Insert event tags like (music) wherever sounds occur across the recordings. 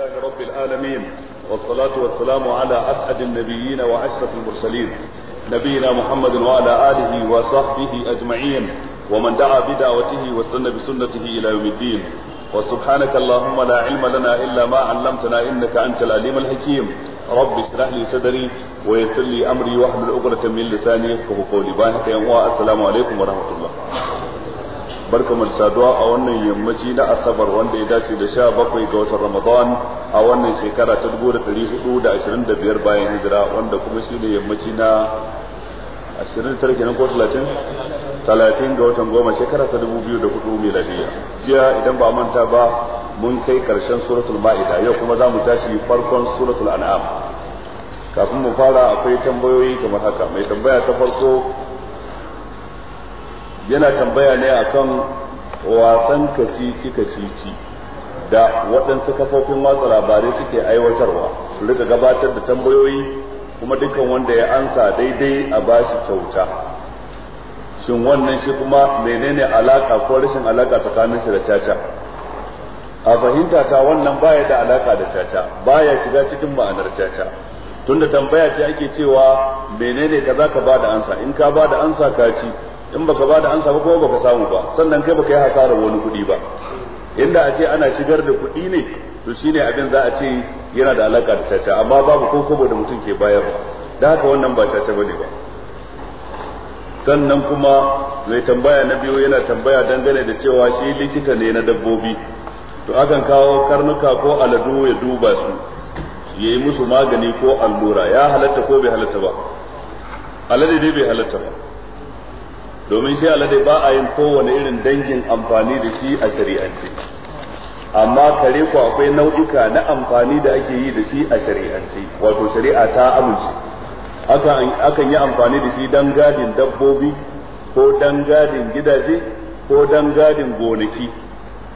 لله رب العالمين والصلاة والسلام على أسعد النبيين وأشرف المرسلين نبينا محمد وعلى آله وصحبه أجمعين ومن دعا بدعوته واستنى بسنته إلى يوم الدين وسبحانك اللهم لا علم لنا إلا ما علمتنا إنك أنت العليم الحكيم رب اشرح لي صدري ويسر لي أمري واحمل عقدة من لساني يفقه قولي باهك يا السلام عليكم ورحمة الله barkamu da saduwa a wannan yammaci na asabar wanda ya dace da sha bakwai ga watan ramadan a wannan shekara ta dubu da ɗari hudu da ashirin da biyar bayan hijira wanda kuma shi ne yammaci na ashirin da tara kenan ko talatin talatin ga watan goma shekara ta dubu biyu da hudu miladiya jiya idan ba manta ba mun kai karshen suratul ma'ida yau kuma za mu tashi farkon suratul an'am kafin mu fara akwai tambayoyi kamar haka mai tambaya ta farko yana tambaya ne a kan wasan kasici kasici da waɗansu kafofin watsa labarai suke aiwatarwa su rika gabatar da tambayoyi kuma dukkan wanda ya ansa daidai a bashi kyauta shin wannan shi kuma menene alaka ko rashin alaka tsakanin shi da caca a fahimta ta wannan baya da alaka da caca baya shiga cikin ma'anar caca tunda tambaya ce ake cewa menene kaza ka bada ansa in ka bada ansa ka ci in baka ba da ansa ba kuma baka samu ba sannan kai baka yi hasarar wani kuɗi ba inda a ce ana shigar da kuɗi ne to shine abin za a ce yana da alaka da caca amma babu ko kobo da mutum ke bayarwa da haka wannan ba caca bane ba sannan kuma mai tambaya na biyu yana tambaya dangane da cewa shi likita ne na dabbobi to akan kawo karnuka ko aladu ya duba su yayi musu magani ko allura ya halatta ko bai halatta ba alade dai bai halatta ba domin shi alade ba a yin kowane irin dangin amfani da shi a shari'ance amma kare ku akwai nau'ika na amfani da ake yi da shi a shari'ance wato shari'a ta amince akan yi amfani da shi don gadin dabbobi ko don gadin gidaje ko don gadin gonaki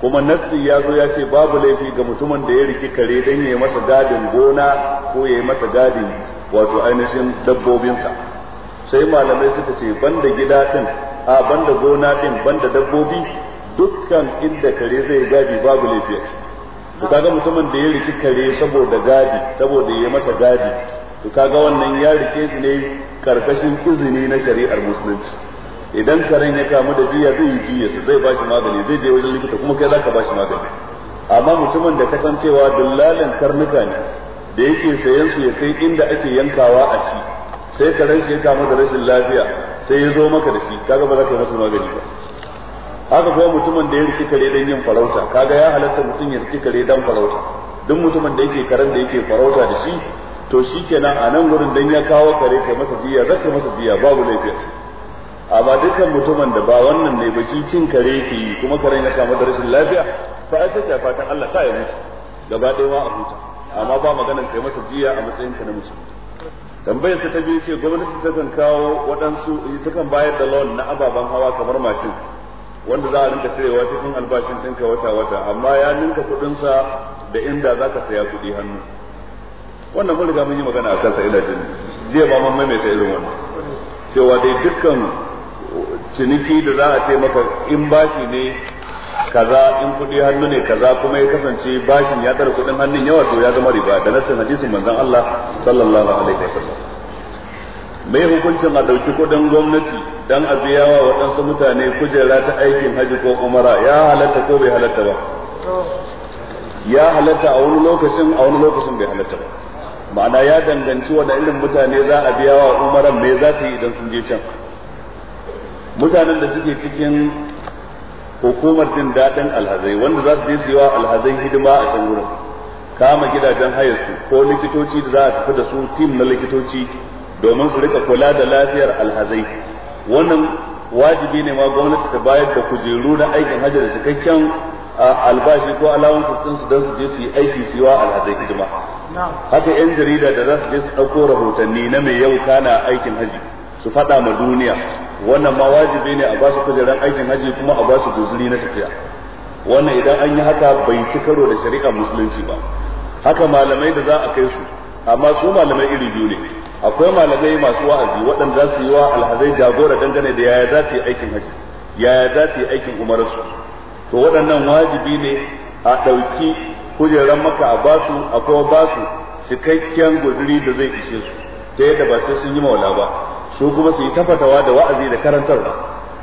kuma nassi ya zo ya ce babu laifi ga mutumin da ya riki kare dan ya yi masa gadin gona ko ya yi masa gadin wato ainihin dabbobinsa sai malamai suka ce banda gida din a banda gona din banda dabbobi dukkan inda kare zai gadi babu laifi to kaga mutumin da ya riki kare saboda gadi saboda ya masa gadi to kaga wannan ya rike shi ne karkashin izini na shari'ar musulunci idan karen ya kamu da jiya zai yi su zai ba shi magani zai je wajen likita kuma kai zaka ba shi magani amma mutumin da kasancewa dullalin karnuka ne da yake sayan su ya kai inda ake yankawa a ci sai ka rashi ya kama da rashin lafiya sai ya zo maka da shi kaga ba za ka masa magani ba haka kuma mutumin da ya riki kare don yin farauta kaga ya halatta mutum ya riki kare don farauta duk mutumin da yake karen da yake farauta da shi to shi kenan a nan gurin dan ya kawo kare kai masa jiya zaka masa jiya babu laifiya amma dukkan mutumin da ba wannan ne ba shi cin kare yake yi kuma karen ya kama da rashin lafiya fa ai sai fatan Allah sa ya mutu gaba ɗaya ma a huta amma ba maganar kai masa jiya a matsayin ka na musulmi tambayar ta biyu ce gwamnati ta kan kawo waɗansu ta kan bayar da lawan na ababen hawa kamar mashin wanda za a rinka cirewa cikin albashin ɗinka wata-wata amma ya ninka kuɗinsa da inda za ka saya kuɗi hannu wannan mun riga mun yi magana a kansa ina jin jiya ba mun maimaita irin wannan cewa dai dukkan ciniki da za a ce maka in bashi ne kaza in kudi hannu ne kaza kuma ya kasance bashin ya tsara kudin hannun yawa to ya zama riba da nasin hadisin manzon Allah sallallahu alaihi wasallam mai hukuncin a dauki kudin gwamnati dan a biya wa waɗansu mutane kujera ta aikin haji ko umara ya halatta ko bai halatta ba ya halatta a wani lokacin a wani lokacin bai halatta ba ma'ana ya danganci wanda irin mutane za a biya wa umaran me za su yi idan sun je can mutanen da suke cikin hukumar jin daɗin alhazai wanda za su je su yi wa alhazai hidima a can wurin kama gidajen hayarsu ko likitoci da za a tafi da su tim na likitoci domin su rika kula da lafiyar alhazai wannan wajibi ne ma gwamnati ta bayar da kujeru na aikin hajji da cikakken albashi ko alawansu din su don su je su yi aiki su yi wa alhazai hidima haka yan jarida da za su je su ɗauko rahotanni na mai yau kana aikin haji su faɗa ma duniya wannan ma wajibi ne a basu kujeran aikin haji kuma a basu guzuri na tafiya wannan idan an yi haka bai ci karo da shari'a musulunci ba haka malamai da za a kai su amma su malamai iri biyu ne akwai malamai masu wa'azi waɗanda za su yi wa alhazai jagora dangane da yaya za su yi aikin haji yaya za su yi aikin umarsu to waɗannan wajibi ne a ɗauki kujerar maka a basu akwai basu cikakken guzuri da zai ishe su ta yadda ba sai sun yi mawala ba su kuma su yi tafatawa da wa'azi da karantarwa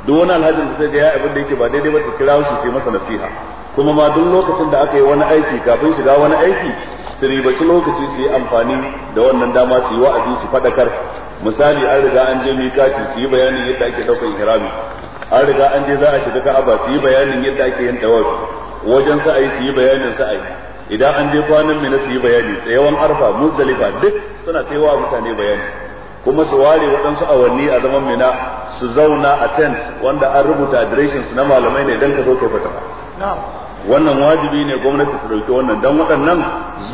duk wani alhajin da sai da ya abin da yake ba daidai ba su kira shi sai masa nasiha kuma ma duk lokacin da aka yi wani aiki kafin shiga wani aiki su ribaci lokaci su yi amfani da wannan dama su yi wa'azi su faɗakar misali an riga an je mikati su yi bayanin yadda ake ɗaukar ihrami an riga an je za a shiga ka'aba su yi bayanin yadda ake yin tawafi wajen sa'ayi su yi bayanin sa'ayi idan an je kwanan mina su yi bayani tsayawan arfa muzdalifa duk suna cewa mutane bayani kuma su ware waɗansu awanni a zaman mina su zauna a tent wanda an rubuta adireshin su na malamai ne don ka zo kai fatawa wannan wajibi ne gwamnati ta dauki wannan dan waɗannan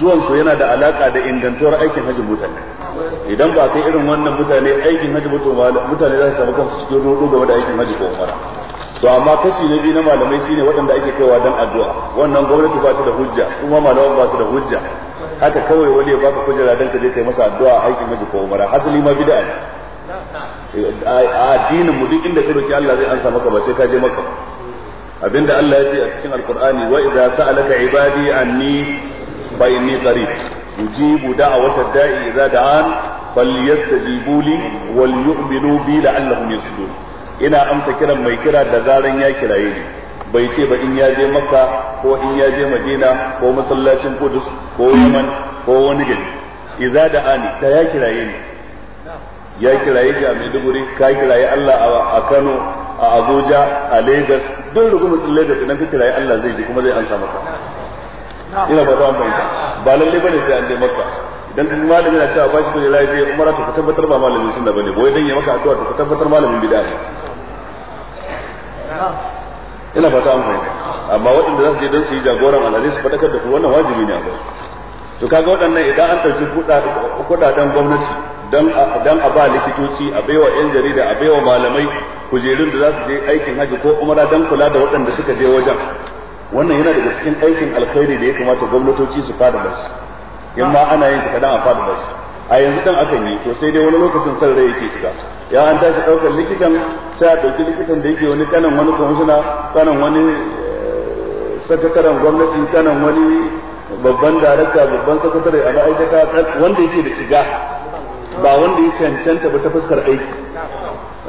zuwan su yana da alaka da ingantuwar aikin hajji mutane idan ba kai irin wannan mutane aikin hajji mutane za su samu kansu cikin rodo game da aikin hajji ko umara to amma kashi na biyu na malamai shine waɗanda ake kaiwa dan addu'a wannan gwamnati ba ta da hujja kuma malaman ba su da hujja haka kawai wani ya baka kujera dan ka je kai masa addu'a aikin miji ko umara hasali ma bid'a ne a addinin mu duk inda ka roki Allah zai ansa maka ba sai ka je maka abinda Allah ya ce a cikin alqur'ani wa idza sa'alaka ibadi anni fa inni qarib ujibu da'wata da'i idza da'an falyastajibu li wal yu'minu bi la'allahum yusdun ina amsa kiran mai kira da zaran ya kiraye ni bai ce ba in ya je makka ko in ya je madina ko masallacin kudus ko yaman ko wani gari iza da ani ta ya kiraye ni ya kiraye shi a maiduguri ka kiraye allah a kano a abuja a lagos duk rukunin lagos idan ka kiraye allah zai ji kuma zai amsa maka ina ba ta fahimta ba lalle bane sai an je makka idan duk malamin na cewa ba shi kujera je umara to ka tabbatar ba malamin sunna bane boye dan ya maka addu'a to ka tabbatar malamin bid'a ne ina fata an fahimta amma waɗanda za su je don su yi jagoran alhazai su faɗakar da su wannan wajibi ne a ba to kaga waɗannan idan an ɗauki kuɗaɗen gwamnati don a ba likitoci a baiwa 'yan jarida a baiwa malamai kujerun da za su je aikin haji ko umara don kula da waɗanda suka je wajen wannan yana daga cikin aikin alkhairi da ya kamata gwamnatoci su fada ba su in ma ana yin su kadan a fada ba su a yanzu dan akan yi to sai dai wani lokacin san rai yake shiga ya an tashi ɗaukar likitan sai a ɗauki likitan da yake wani kanan wani kwamishina kanan wani eh, sakataren gwamnati kanan wani babban darakta babban sakatare a ma'aikata wanda yake da shiga ba wanda ya cancanta ba ta fuskar aiki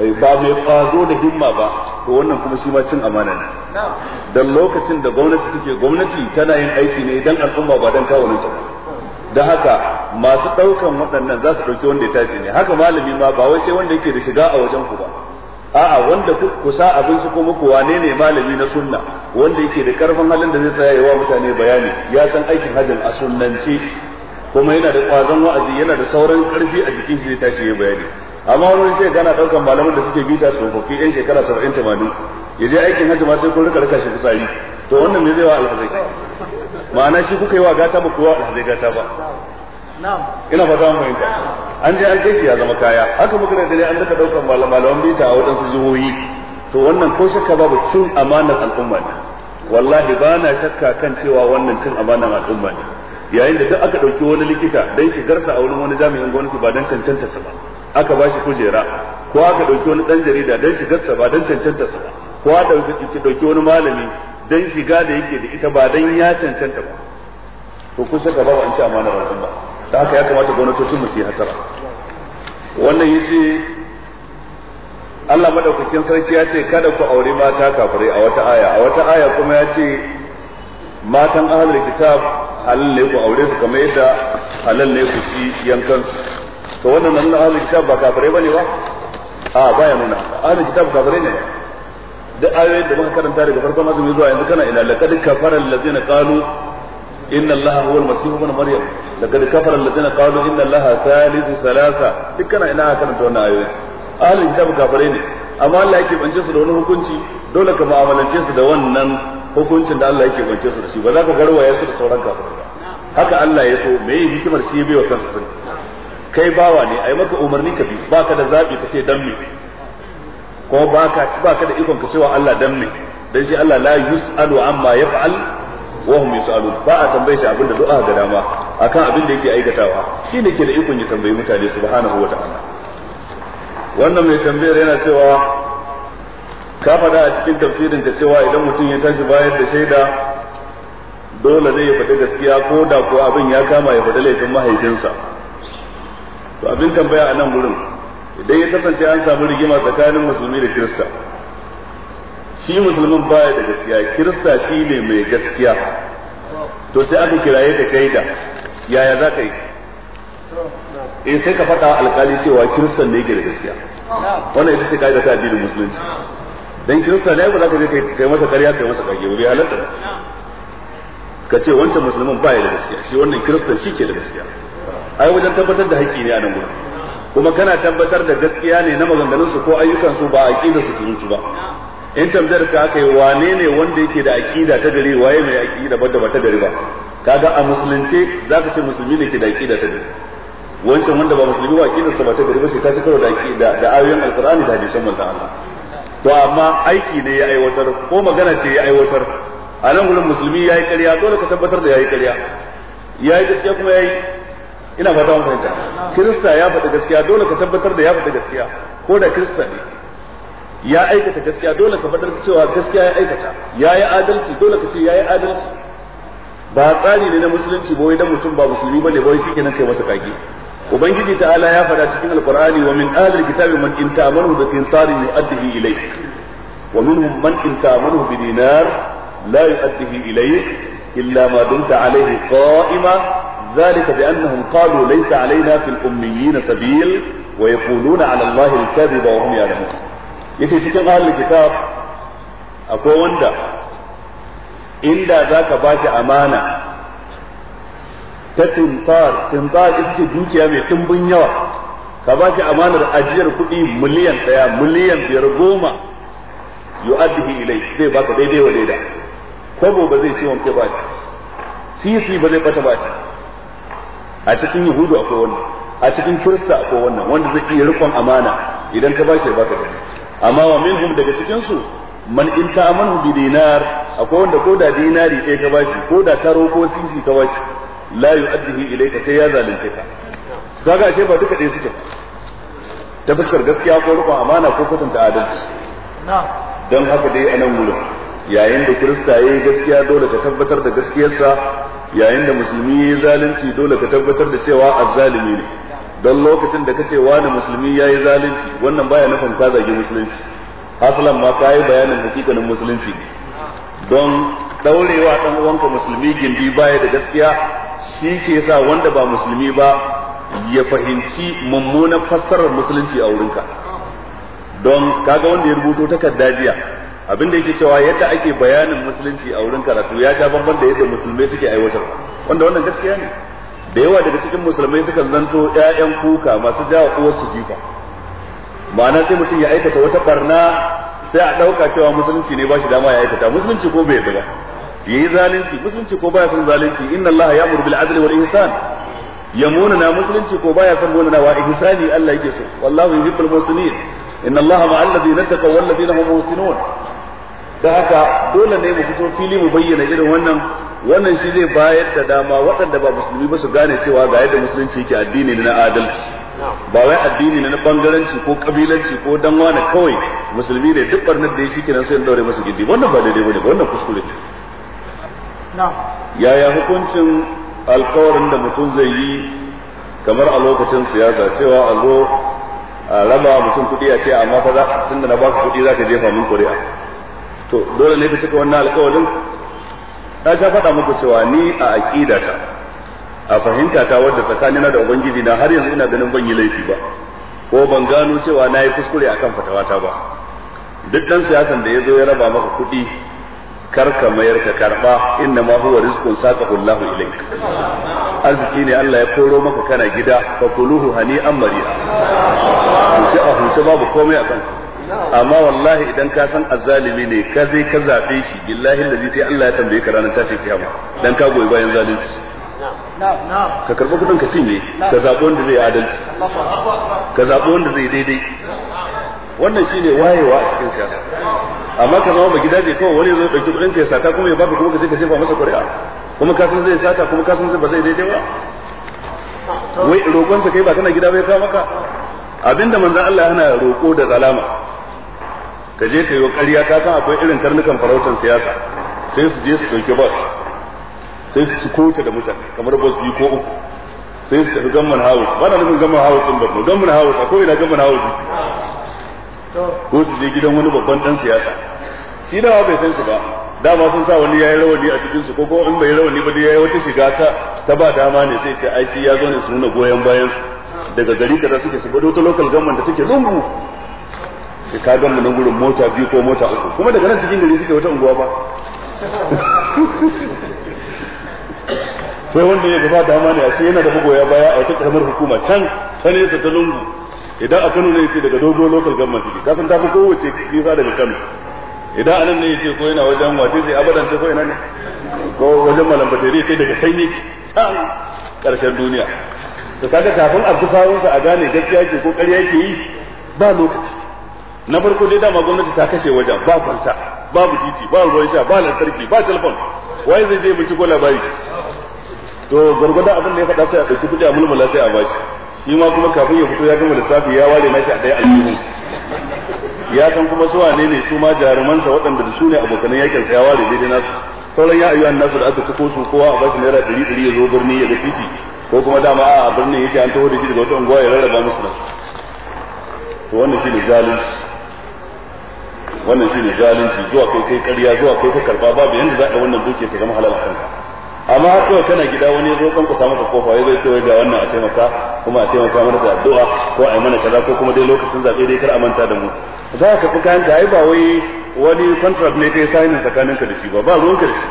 eh, ba mai kwazo da himma ba to wannan kuma shi ma cin amana ne dan lokacin da gwamnati take gwamnati tana yin aiki ne dan al'umma ba dan kawo ta ba da haka masu ɗaukan waɗannan za su ɗauki wanda ya tashi ne haka malami ma ba wai sai wanda yake da shiga a wajen ku ba a'a wanda ku sa abin su kuma ku wane ne malami na sunna wanda yake da karfin halin da zai tsaya yawa mutane bayani ya san aikin hajjin a sunnance kuma yana da ƙwazon wa'azi yana da sauran ƙarfi a jikin shi zai tashi yayi bayani amma wani sai gana ɗaukan malaman da suke bita tsofaffi yan shekara 70 80 ya je aikin hajji ma sai kun rika rika shi fitsari to wannan me zai wa alhazai ma'ana shi kuka yi wa gata ba kuwa alhazai gata ba ina fata mu fahimta an je an kai shi ya zama kaya haka muka da dare an daga daukan malaman bita a waɗansu jihohi to wannan ko shakka babu cin amanar al'umma ne wallahi ba na shakka kan cewa wannan cin amanar al'umma ne yayin da duk aka ɗauki wani likita don shigarsa a wurin wani jami'in gwamnati ba don cancanta sa ba aka ba shi kujera ko aka ɗauki wani ɗan jarida don shigarsa ba don cancanta sa ba ko aka ɗauki wani malami dan shiga da yake da ita ba dan ya cancanta ba to kun saka ba an ci amana ba ba da haka ya kamata gwamnatocin mu su yi hatara wannan yace Allah madaukakin sarki ya ce kada ku aure mata kafirai a wata aya a wata aya kuma ya ce matan ahlul kitab halal ne ku aure su kamar yadda halal ne ku ci yankan su to wannan nan ahlul kitab ba kafirai bane ba a baya nuna ahlul kitab kafirai ne duk ayoyin da muka karanta daga farkon azumi zuwa yanzu kana ina laqad kafara allazina qalu inna allaha huwa almasih ibn maryam laqad kafara allazina qalu inna allaha thalithu salasa duk kana ina karanta wannan ayoyin ahlul kitab kafare ne amma Allah yake bance su da wani hukunci dole ka mu'amalance su da wannan hukuncin da Allah yake bance su da shi ba za ka garwa ya su da sauran kafare ba haka Allah ya so me hikimar shi bai wa kansa sani kai bawa ne ai maka umarni ka bi baka da zabi ka ce dan me ko baka baka da ikon ka cewa Allah dan ne dan shi Allah la yusalu amma yaf'al wa hum yusalu ba a tambaye shi abinda du'a ga dama akan abin da yake aikatawa shi ne ke da ikon ya tambayi mutane subhanahu ta'ala wannan mai tambayar yana cewa ka faɗa a cikin tafsirin ka cewa idan mutum ya tashi bayar da shaida dole zai ya faɗi gaskiya ko da ko abin ya kama ya faɗi laifin mahaifinsa to abin tambaya a nan gurin idan ya kasance an samu rigima tsakanin musulmi da kirista shi musulmin baya da gaskiya kirista shi ne mai gaskiya to sai aka kiraye ka shaida yaya za ka yi eh sai ka faɗa alkali cewa kirista ne yake da gaskiya wannan ita ce kaida ta addinin musulunci dan kirista ne ba za ka je kai masa ƙarya kai masa ƙage wuri halatta ka ce wancan musulmin baya da gaskiya shi wannan kirista shi ke da gaskiya ai wajen tabbatar da haƙƙi ne a nan gurin kuma kana tabbatar da gaskiya ne na maganganunsu ko ayyukansu ba aqida su tuzuci ba in tambayar ka aka yi wane ne wanda yake da aqida ta gari waye mai aqida ba da ta gari ba kaga a musulunce zaka ce musulmi ne ke da aqida ta gari wancan wanda ba musulmi ba aqidar sa ba ta gari ba sai ta shi karo da aqida da ayoyin alqur'ani da hadisan manzo Allah to amma aiki ne ya aiwatar ko magana ce ya aiwatar a nan gurin musulmi yayi ƙarya dole ka tabbatar da yayi ƙarya yayi gaskiya kuma yayi ina ba mun fahimta kirista ya faɗi gaskiya dole ka tabbatar da ya faɗi gaskiya ko da kirista ne ya aikata gaskiya dole ka faɗar cewa gaskiya ya aikata ya yi adalci dole ka ce ya yi adalci ba tsari ne na musulunci ba wai dan mutum ba musulmi ba ne ba wai shi kenan kai masa kage ubangiji ta'ala ya faɗa cikin alqur'ani wa min ahli kitabi man in ta'amalu bi tinsari yu'addihi ilayk wa minhum man in ta'amalu bi dinar la yu'addihi ilayk illa ma dumta alayhi qa'ima ذلك بأنهم قالوا ليس علينا في الأميين سبيل ويقولون على الله الكذب وهم يعلمون yace cikin ahlul kitab akwai wanda inda zaka bashi amana ta tintar tintar ita ce dukiya mai dimbin yawa ka bashi amanar ajiyar kuɗi miliyan ɗaya miliyan biyar goma yu'addihi ilai zai baka daidai wa daida ba zai ciwon kai ba ci sisi ba zai ba ci a cikin yahudu akwai wannan a cikin kirista akwai wannan wanda zai iya rikon amana idan ka bashi baka da amma wa minhum daga cikin su man in amanu bi dinar akwai wanda ko da dinari ɗaya ka bashi ko da taro ko sisi ka bashi la yu'addihi ilayka sai ya zalunce ka kaga ashe ba duka ɗaya suke ta fuskar gaskiya ko rikon amana ko kwatanta adalci don haka dai anan nan wurin yayin da kirista ya yi gaskiya dole ka tabbatar da gaskiyarsa yayin da musulmi yi zalunci dole ka tabbatar da cewa azzalimi ne don lokacin da kace wani musulmi yayi zalunci wannan baya nufin ka zagi musulunci asalan ma ka yi bayanin hakikanin musulunci don daurewa ɗan uwanka musulmi gindi baya da gaskiya shi ke sa wanda ba musulmi ba ya fahimci mummunan fassarar musulunci a wurinka don kaga wanda ya rubuto takarda jiya abinda yake cewa yadda ake bayanin musulunci a wurin karatu ya sha bamban da yadda musulmai suke aiwatar wanda wannan gaskiya ne da yawa daga cikin musulmai suka zanto ƴaƴan kuka masu jawo uwar su jifa ma'ana sai mutum ya aikata wata barna sai a ɗauka cewa musulunci ne ba shi dama ya aikata musulunci ko bai yarda ba yayi zalunci musulunci ko baya son zalunci inna allaha ya'muru bil adli wal ihsan yamuna na musulunci ko baya son gona wa ihsani Allah yake so wallahu yuhibbul muslimin inna allaha ma'al ladina taqaw wal ladina hum muhsinun da haka dole ne mu fito fili mu bayyana irin wannan wannan shi zai bayar da dama waɗanda ba musulmi ba su gane cewa ga yadda musulunci yake addini ne na adalci ba wai addini na bangaranci ko kabilanci ko dan wani kawai musulmi ne duk barnar da ya shi sai in daure masa gindi wannan ba daidai bane wannan kuskure ne yaya hukuncin alkawarin da mutum zai yi kamar a lokacin siyasa cewa a zo a raba mutum kuɗi a ce amma fa tunda na baka kuɗi ka jefa min kuri'a to dole ne ka cika wannan alƙawarin ta sha faɗa muku cewa ni a aƙidata a fahimta ta wadda tsakanina da ubangiji na har yanzu ina ganin ban yi laifi ba ko ban gano cewa na yi kuskure akan fatawata ba duk ɗan siyasan da ya zo ya raba maka kuɗi Kar ka mayar ka karba inna ma huwa rizqun saqahu Allahu ilayk arziki ne Allah ya koro maka kana gida fa kuluhu hani'an mari'a ku a huce babu komai a amma wallahi idan ka san azzalimi ne ka zai ka zaɓe shi billahi da sai Allah ya tambaye ka ranar tashin kiyama dan ka goyi bayan zalunci ka karɓi kuɗin ka cinye ka zaɓi wanda zai adalci ka zaɓi wanda zai daidai wannan shine wayewa a cikin siyasa amma ka zama ba gidaje kawai wani zai ɗauki kuɗin ka ya sata kuma ya baka kuma ka je ka jefa masa ƙuri'a kuma ka san zai sata kuma ka san zai ba zai daidai ba wai roƙonsa kai ba kana gida bai kawo maka abinda manzon Allah yana roƙo da zalama ka je ka yi ƙarya ka san akwai irin tarnukan farautan siyasa sai su je su ɗauki bas sai su ci kota da mutane kamar bas biyu ko uku sai su tafi gamman house ba na nufin gamman house sun babba gamman house akwai ina gamman house ko su je gidan wani babban dan siyasa shi dawa bai san su ba dama sun sa wani yayi rawani a cikin su ko ko in bai rawani ba dai yayi wata shiga ta ta ba dama ne sai ce ai shi ya zo ne su nuna goyen bayan su daga gari kaza suke shiga wata local government da take rungu. sai ka gan mu nan gurin mota biyu ko mota uku kuma daga nan cikin gari suke wata unguwa ba sai wanda ya gaba da amana sai yana da bugoya baya a wata karamar hukuma can ta nesa ta lungu idan a Kano ne yace daga dogo local government ne kasan ta fi kowace nisa daga Kano idan anan ne yace ko yana wajen wace sai abadan ta ko ina ne ko wajen malam batare sai daga kai ne can karshen duniya to kaga kafin a kusawunsa a gane gaskiya ke ko ƙarya yake yi ba lokaci na farko dai dama gwamnati ta kashe wajen ba kwanta babu titi ba ruwan sha ba lantarki ba telefon wai zai je biki ko labari to gwargwadon abin da ya faɗa sai a ɗauki kuɗi a mulmula sai a bashi shi ma kuma kafin ya fito ya gama lissafi ya ware nashi a ɗaya aljihu ya san kuma su wane ne su ma jarumansa waɗanda da su ne abokanan yakin sa ya ware daidai nasu sauran ya ayyuan nasu da aka tuko su kowa a bashi naira ɗari ɗari ya zo birni ya ga titi ko kuma dama a birnin yake an taho da shi daga wata unguwa ya rarraba musu nan to wannan shi ne zalunci wannan shi ne zalunci zuwa kai kai ƙarya zuwa kai ka karba babu yanda za ka wannan duke ta zama halal kanka amma kawai kana gida wani zo kan ku samu ka kofa ya zai ce wai ga wannan a taimaka kuma a taimaka mana da addu'a ko a yi mana kaza ko kuma dai lokacin zabe dai kar a manta da mu za ka fi kayan ta ba wai wani contract ne ta yi tsakanin tsakaninka da shi ba ba ruwanka da shi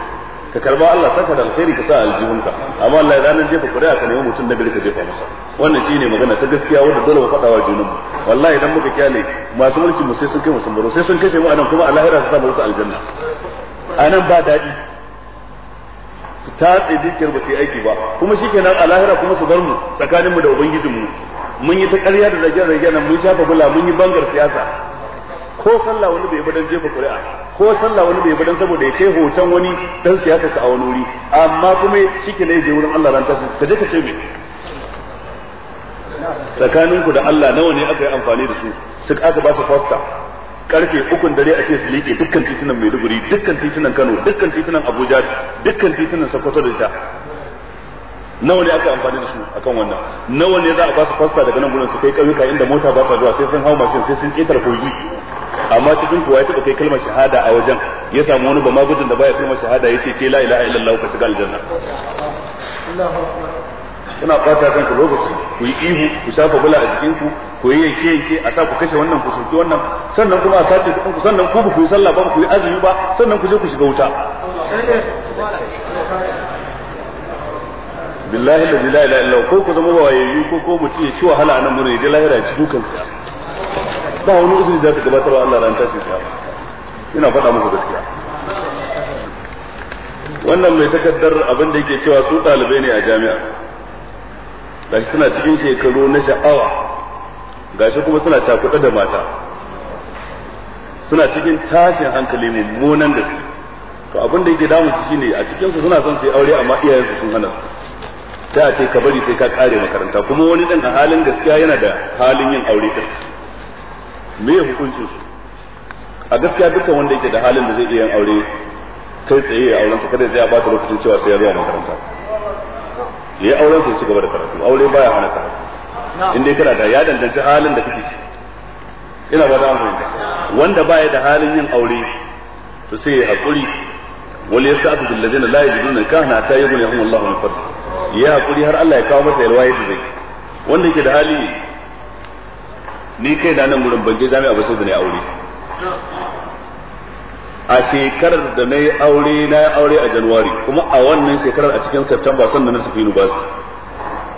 ka karba Allah saka da alkhairi ka sa aljihunka amma Allah ranar jefa kuri'a ka nemi mutum na gari ka jefa masa wannan shine magana ta gaskiya wanda dole mu faɗa wa junanmu wallahi idan muka kyale masu mulkin mu sai sun kai mu sun baro sai sun kashe mu anan kuma a lahira su sa mu aljanna anan ba daɗi su tatse dukiyar ba su yi aiki ba kuma shikenan a lahira kuma su bar mu tsakanin mu da ubangijin mu mun yi ta ƙarya da zage-zage nan mun shafa bula mun yi bangar siyasa ko sallah wani bai don jefa kuri'a ko sallah wani bai bidan saboda ya kai hoton wani dan siyasa sa a wani wuri amma kuma shike ne je wurin Allah ranta ta ka je ka ce me tsakaninku da Allah nawa ne aka yi amfani da su su aka ba su fasta karfe ukun dare a ce su liƙe dukkan titunan Maiduguri dukkan titunan Kano dukkan titunan Abuja dukkan titunan Sokoto da ta nawa ne aka amfani da su akan wannan nawa ne za a ba su fasta daga nan gurin su kai kauyuka inda mota ba ta zuwa sai sun hau mashin sai sun ƙetare kogi amma cikin kuwa ya taba kai kalmar shahada a wajen ya samu wani bama gudun da baya kalmar shahada ya ce ce la ilaha illallah ka shiga aljanna kuna kan ku lokaci ku yi ihu ku shafa bula a cikin ku ku yi yanke yanke a sa ku kashe wannan ku soki wannan sannan kuma a sace kuɗin ku sannan ku ku yi sallah ba ku yi azumi ba sannan ku je ku shiga wuta billahi la ilaha illallah ko ku zama wayayyu ko ko mutum ya ci wahala a nan gurin ya je lahira ya ci dukan ba wani uzuri za ta gabatar wa Allah ran tashin kiyama ina faɗa muku gaskiya wannan mai takaddar abin da yake cewa su ɗalibai ne a jami'a gashi suna cikin shekaru na sha'awa gashi kuma suna cakuɗa da mata suna cikin tashin hankali mummunan gaske to abin da yake damu su shine a cikin su suna son su yi aure amma su sun hana su sai a ce ka bari sai ka kare makaranta kuma wani dan a halin gaskiya yana da halin yin aure din me ya hukuncin su a gaskiya dukkan wanda yake da halin da zai iya yin aure kai tsaye ya auren sa kada zai ta lokacin cewa sai ya zuwa makaranta ya auren sa ya ci gaba da karatu aure baya hana karatu in dai kana da ya danganci halin da kake ci ina ba za mu wanda baya da halin yin aure to sai ya hakuri wal yasta'tu bil ladina la yajiduna kana ta lahum Allahu min fadl ya hakuri har Allah ya kawo masa yalwa da zai wanda yake da hali ni kai na nan gurin banje jami'a ba sai da na aure a shekarar da na yi aure na yi aure a januwari kuma a wannan shekarar a cikin september sannan na tafi university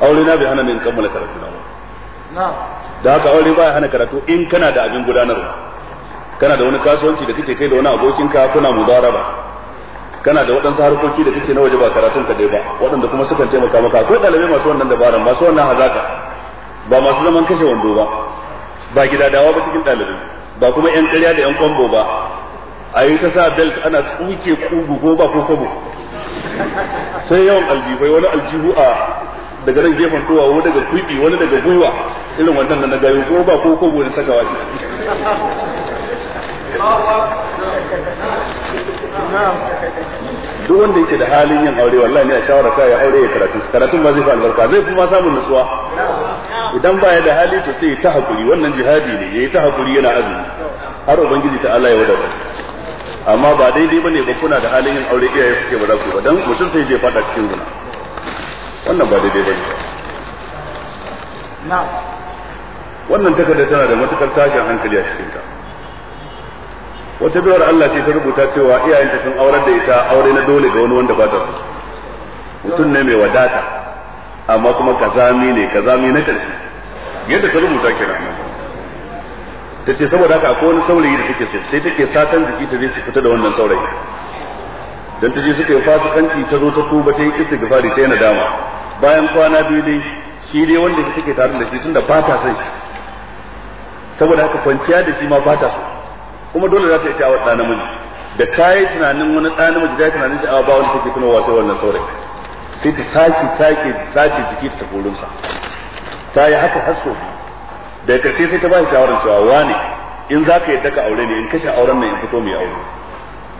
aure na bai hana ni in kammala karatu na da haka aure baya hana karatu in kana da abin gudanarwa kana da wani kasuwanci da kake kai da wani abokinka kuna mudaraba kana da waɗansu harkoki da kake na waje ba karatun ka dai ba waɗanda kuma sukan taimaka maka akwai ɗalibai masu wannan dabaran masu wannan hazaka ba masu zaman kashe wando ba ba gida dawa ba cikin ɗalibin ba kuma yan ƙarya da yan kwambo ba a yi ta sa belt ana tsuke kugu ko ba ko kwabo sai yawan aljihu wani aljihu a daga nan gefen kowa wani daga kwibi wani daga gwiwa irin wannan na gayo ko ba ko kwabo na sakawa ciki duk wanda yake da halin yin aure wallahi ne a shawara ta ya aure ya karatu karatun ba zai fi albarka zai fi ma samun nutsuwa idan ba ya da hali to sai ta hakuri wannan jihadi ne yayi ta hakuri yana azumi har ubangiji ta Allah ya wada wadata amma ba daidai bane ba kuna da halin yin aure iyaye suke ba za ku ba dan mutum sai je fada cikin zina wannan ba daidai bane na wannan takarda tana da matukar tashin hankali a cikin ta wata biyar Allah ce ta rubuta cewa iyayenta sun aurar da ita aure na dole ga wani wanda ba ta so mutum ne mai wadata amma kuma kazami ne kazami na karshe yadda ta rubuta kenan ta ce saboda haka akwai wani saurayi da take so sai take satan jiki ta zai ta fita da wannan saurayi dan ta je suka yi fasikanci ta zo ta tuba ta yi istighfari ta yi nadama bayan kwana biyu dai shi dai wanda take tare da shi tunda ba ta son shi saboda haka kwanciya da shi ma ba ta so kuma dole za ta yi sha'awar ɗa namiji da ta yi tunanin wani ɗa namiji da tunanin sha'awa ba wani take tunawa sai wannan saurayi sai ta sake sake sace jiki ta tafurinsa ta yi haka har so. da ƙarshe sai ta ba shi shawarar cewa wane in za ka yadda ka aure ne in kashe auren nan in fito mai aure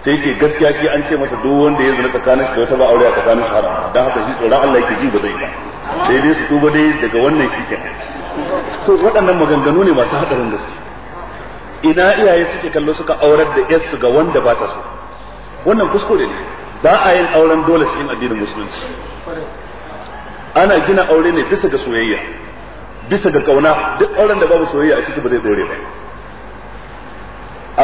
sai ke gaskiya shi an ce masa duk wanda ya zina tsakanin shi da wata ba aure a tsakanin shi haram dan haka shi tsoron Allah yake ji ba zai ba sai dai su tuba dai daga wannan shi kenan to waɗannan maganganu ne masu haɗarin gaske ina iyaye suke kallo suka aurar da yarsu ga wanda ba ta so wannan kuskure ne ba a yin auren dole cikin addinin musulunci ana gina aure ne bisa ga soyayya bisa ga kauna duk auren da babu soyayya a ciki ba zai dore ba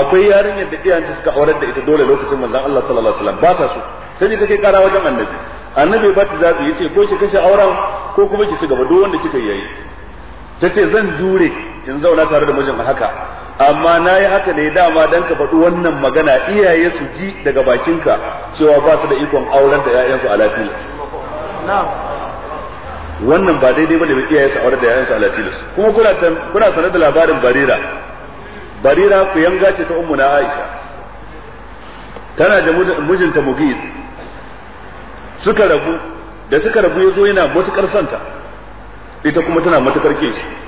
akwai yarinyar da iyayen suka aurar da ita dole lokacin manzon Allah sallallahu alaihi wasallam ba ta so sai ne take kara wajen annabi annabi ba ta zabi yace ko ki kashe auren ko kuma ki ci gaba duk wanda kika yayi tace zan jure in zauna tare da mijin haka amma na yi haka ne dama dan ka faɗi wannan magana iyaye su ji daga bakinka cewa ba su da ikon auren da 'ya'yansu a latilas wannan ba daidai bane mai iyaye su aure da 'ya'yansu a latilas kuma kuna sanar da labarin barira barira ku yanga ce ta ummu na aisha tana da mijinta mugiz suka rabu da suka rabu ya zo yana matukar santa ita kuma tana matukar kishi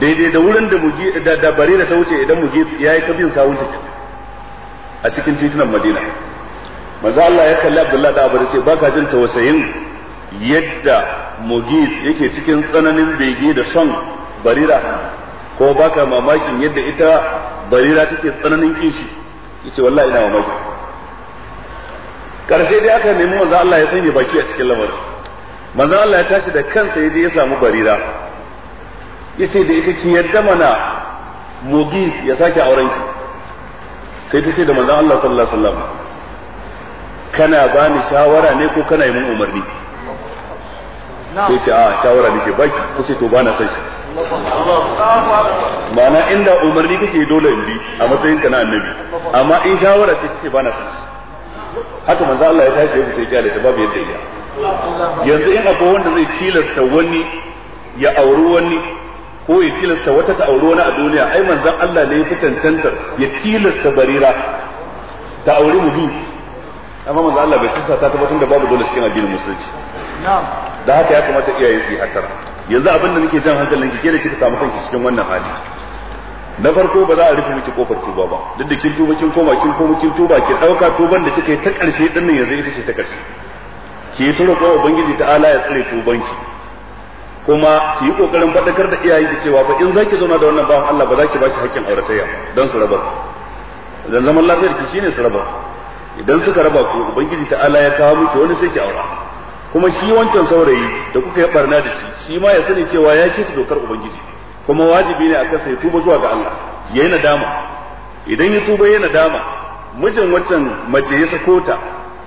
daidai da wurin da muji da da barira ta wuce idan muji yayi ta bin sawun a cikin titunan Madina manzo Allah ya kalli Abdullahi da Abu ce baka jin tausayin yadda muji yake cikin tsananin bege da son barira ko baka mamakin yadda ita barira take tsananin kishi yace wallahi ina mamaki karshe dai aka nemi manzo Allah ya sanya baki a cikin lamarin manzo Allah ya tashi da kansa yaje ya samu barira yace da ita ce yadda mana mugi ya sake auren ki sai ta ce da manzon Allah sallallahu alaihi wasallam kana bani shawara ne ko kana yi min umarni sai ce a shawara nake baki ta ce to ba na san shi ma'ana inda umarni kake dole in bi a matsayin ka na annabi amma in shawara ce ce ba na san shi haka manzon Allah ya tashi ya fita kyale ta babu yadda ya yanzu in akwai wanda zai tilasta wani ya auri wani ko ya tilasta wata ta auri wani a duniya ai manzon Allah ne ya fi cancantar ya tilasta barira ta auri mudu amma manzon Allah bai tilasta ta tabbatar da babu dole cikin addinin musulunci da haka ya kamata iyaye su yi hatar yanzu abin da nake jan hankalin ki ke da kika samu kanki cikin wannan hali na farko ba za a rufe miki kofar tuba ba duk da kin tuba kin koma kin koma kin tuba ki dauka tuban da kika yi ta karshe din nan yanzu ita ce ta karshe ki yi tura ko ubangiji ta'ala ala ya tsare tubanki kuma ki yi kokarin faɗakar da iyayen ki cewa ba in zaki zauna da wannan bawan Allah ba za ki bashi haƙƙin auratayya dan su raba dan zaman lafiyar ki shine su raba idan suka raba ku ubangiji ta'ala ya kawo miki wani sai ki aura kuma shi wancan saurayi da kuka yi barna da shi shi ma ya sani cewa ya ci dokar ubangiji kuma wajibi ne akan sai tuba zuwa ga Allah yayi nadama idan ya tuba yayi nadama mijin waccan mace ya sako ta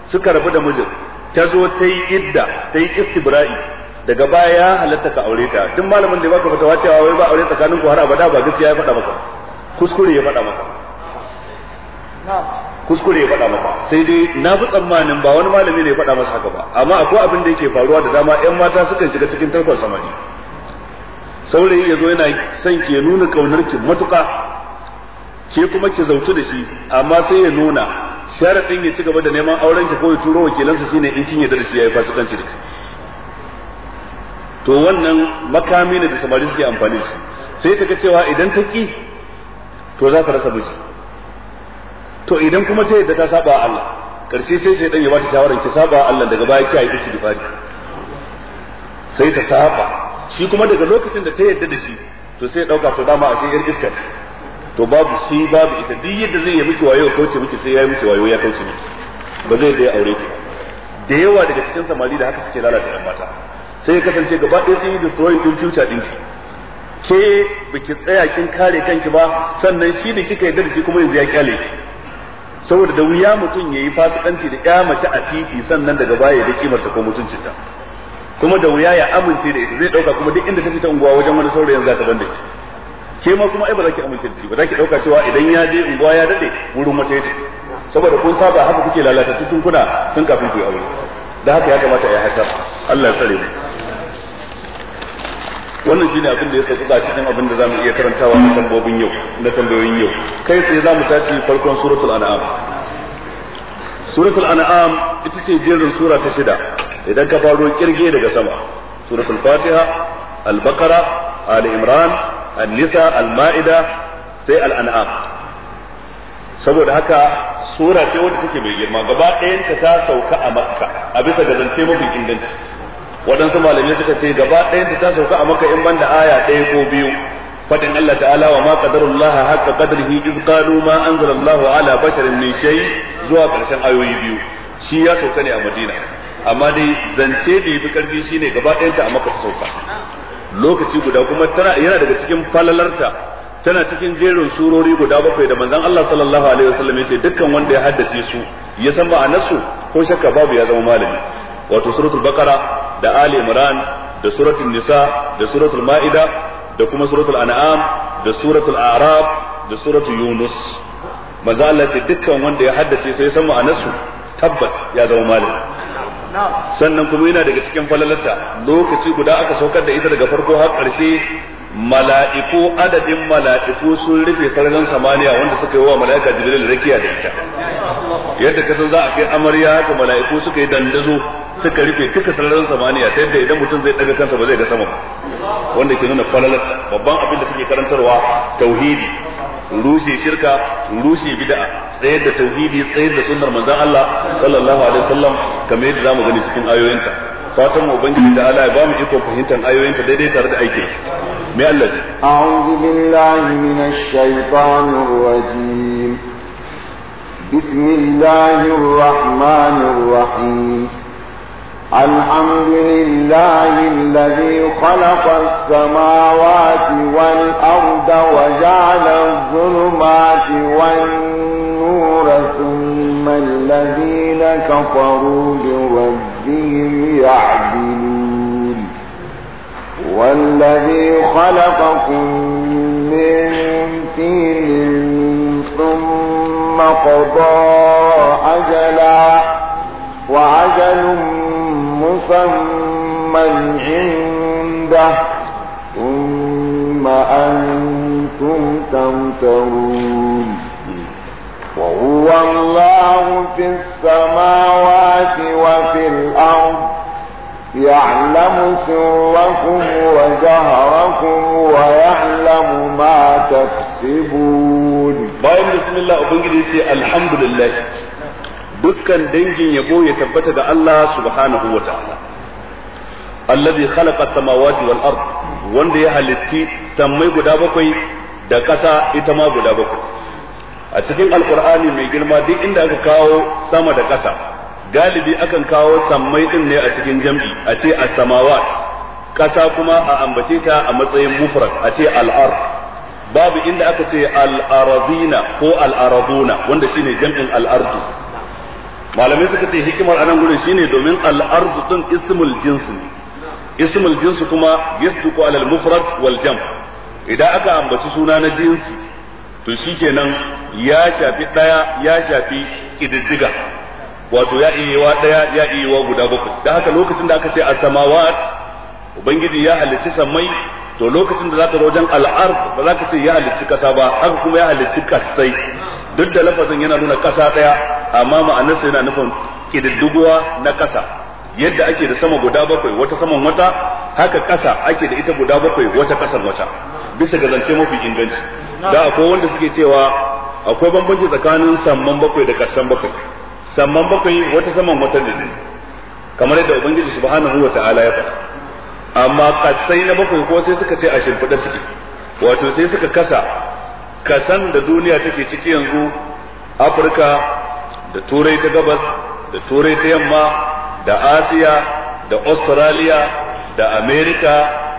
suka rabu da mijin ta zo ta yi idda ta yi istibra'i daga baya ya halatta ka aure ta duk malamin da baka fata wacewa wai ba aure tsakanin ku har abada ba gaskiya ya faɗa maka kuskure ya faɗa maka kuskure ya faɗa maka sai dai na fi tsammanin ba wani malami ne ya faɗa masa haka ba amma akwai abin da yake faruwa da dama yan mata sukan shiga cikin tarkon samari saurayi ya zo yana son ke nuna kaunar ki matuƙa ke kuma ki zautu da shi amma sai ya nuna sharaɗin ya ci gaba da neman auren ki ko ya turo wakilansa shine in kin yarda da shi yayi fasikanci da ki to wannan makami ne da samari suke amfani shi sai ta ga cewa idan ta ki to za ka rasa miji to idan kuma ta yadda ta saba Allah karshe sai sai dan ya bata shawaran ki saba Allah daga baya ki yi fadi sai ta saba shi kuma daga lokacin da ta yadda da shi to sai ya dauka to dama a sai iska ce to babu shi babu ita duk yadda zai yi miki wayo kauce miki sai ya yi miki wayo ya kauce miki ba zai zai aure ki da yawa daga cikin samari da haka suke lalata yan mata sai ya kasance gaba ɗaya sun yi destroying din future din shi ke baki tsaya kin kare kanki ba sannan shi da kika yarda da shi kuma yanzu ya kyale ki saboda da wuya mutum yayi fasikanci da ƙya mace a titi sannan daga baya da kimar ta ko ta kuma da wuya ya amince da ita zai dauka kuma duk inda ta fita unguwa wajen wani saurayin za ta banda shi ke ma kuma ai ba za ki amince da shi ba za ki dauka cewa idan ya je unguwa ya dade wurin mace ta saboda kun saba haka kuke lalata tun kuna tun kafin ku yi aure da haka ya kamata a yi Allah ya tsare mu wannan shine abin da ya sauka a cikin abin da zamu iya karantawa na tambobin yau na tambayoyin yau kai tsaye zamu tashi farkon suratul an'am suratul an'am ita ce jerin sura ta shida idan ka faro kirge daga sama suratul fatiha al-baqara ali imran an-nisa al-ma'ida sai al-an'am saboda haka sura ce wadda take mai girma gaba ɗayanta ta sauka a makka a bisa ga zance mafi inganci waɗansu malamai suka ce gaba ɗayan ta sauka a maka in banda aya ɗaya ko biyu fadin Allah ta'ala wa ma qadarullaha haqqa qadrihi iz qalu ma anzalallahu ala basharin min shay zuwa ƙarshen ayoyi biyu shi ya sauka ne a Madina amma dai zance da yafi karfi shine gaba ɗayan ta a maka ta sauka lokaci guda kuma tana yana daga cikin falalarta tana cikin jerin surori guda bakwai da manzon Allah sallallahu alaihi wasallam ya dukkan wanda ya haddace su ya san ma'anarsu ko shakka babu ya zama malami wato suratul baqara da ali imran da suratul nisa da suratul ma'ida da kuma suratul an'am da suratul a'raf da suratul yunus manzo Allah ce dukkan wanda ya haddace sai san ma'anarsu tabbas ya zama malami sannan kuma yana daga cikin falalata lokaci guda aka saukar da ita daga farko har ƙarshe mala'iku adadin mala'iku sun rufe sararin samaniya wanda suka yi wa mala'ika jibril rakiya da ita yadda ka san za a kai amarya ka mala'iku suka yi dandazo suka rufe duka sararin samaniya ta yadda idan mutum zai daga kansa ba zai ga sama ba wanda ke nuna falalat babban abin da suke karantarwa tauhidi rushe shirka rushe bid'a tsayar da tauhidi tsayar da sunnar manzon Allah sallallahu alaihi wasallam kamar yadda zamu gani cikin ayoyinta fatan ubangiji da Allah ya ba mu iko fahimtar ayoyinta daidai tare da aiki mai Allah a'udhu billahi minash shaitanir rajim بسم الله الرحمن الرحيم الحمد لله الذي خلق السماوات والأرض وجعل الظلمات والنور ثم الذين كفروا بربهم يعدلون والذي خلقكم من تين ثم ثم قضى أجلا وعجل مسمى عنده ثم أنتم تمترون وهو الله في السماوات وفي الأرض يعلم سركم وجهركم ويعلم ما تكسبون bayan bismillah ubangiji ce alhamdulillah dukkan dangin yabo ya tabbata ga Allah subhanahu wa ta'ala alladhi khalaqa samawati wal ard wanda ya halitti sammai guda bakwai da ƙasa ita ma guda bakwai a cikin alqur'ani mai girma duk inda aka kawo sama da ƙasa galibi akan kawo sammai din ne a cikin jam'i a ce as-samawat ƙasa kuma a ambace ta a matsayin mufrad a ce al-ard babu inda aka ce alarazina ko al'arazuna wanda shine jam'in al'ardu malamai suka ce hikimar anan gurin shine domin al'adu ardu din ismul jinsi. ne ismul jins kuma yasduqu ala al-mufrad wal jam idan aka ambaci suna na jinsi to shikenan ya shafi daya ya shafi kididdiga wato ya iya wa daya ya iya wa guda bakwai dan haka lokacin da aka ce as-samawat ubangiji ya halicci samai to lokacin da za ta wajen al'ard ba za ka ce ya halicci kasa ba haka kuma ya halicci kasai duk da lafazin yana nuna kasa daya amma ma'anarsa yana nufin kididduguwa na kasa yadda ake da sama guda bakwai wata saman wata haka kasa ake da ita guda bakwai wata kasan wata bisa ga zance mafi inganci da akwai wanda suke cewa akwai bambanci tsakanin samman bakwai da kasan bakwai samman bakwai wata saman wata ne kamar yadda ubangiji subhanahu wa ta'ala ya faɗa amma kasai na bakwai ko sai suka ce a shimfiɗa ciki wato sai suka kasa kasan da duniya take ciki yanzu afirka da turai ta gabas da turai ta yamma da asiya da australia da america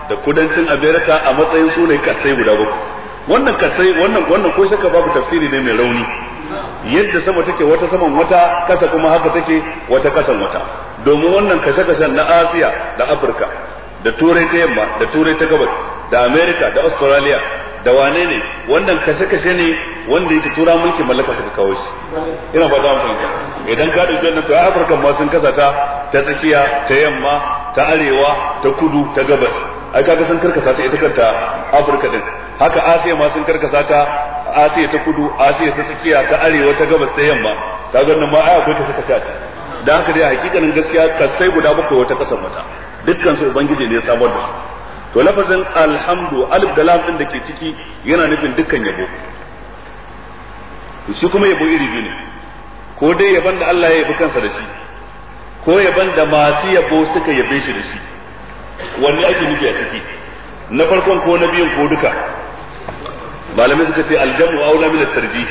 da kudancin america a matsayin su ne kasai guda bakwai wannan kasai wannan wannan ko shaka babu tafsiri ne mai rauni yadda sama take wata saman wata kasa kuma haka take wata kasan wata domin wannan kashe-kashen na asiya da afirka da turai ta yamma da turai ta gabas da america da australia da wane ne wannan kashe-kashe ne wanda yake tura mulki mallaka suka kawo shi ina ba za mu fahimta idan ka dauki wannan to afirka ma sun kasa ta ta tsakiya ta yamma ta arewa ta kudu ta gabas ai kaga sun karkasa ta ita kanta afirka din haka asiya ma sun karkasa ta asiya ta kudu asiya ta tsakiya ta arewa ta gabas ta yamma kaga nan ma ai akwai kashe-kashe a da haka dai hakikanin gaskiya kasai guda bakwai wata kasar mata dukkan su ubangiji ne ya samar da su to lafazin alhamdu alif da lam din da ke ciki yana nufin dukkan yabo shi kuma yabo iri biyu ne ko dai yaban da Allah ya yabi kansa da shi ko yaban da masu yabo suka yabe shi da shi wanne ake nufi a ciki na farkon ko na biyun ko duka malamai suka ce aljamu aula min at-tarjih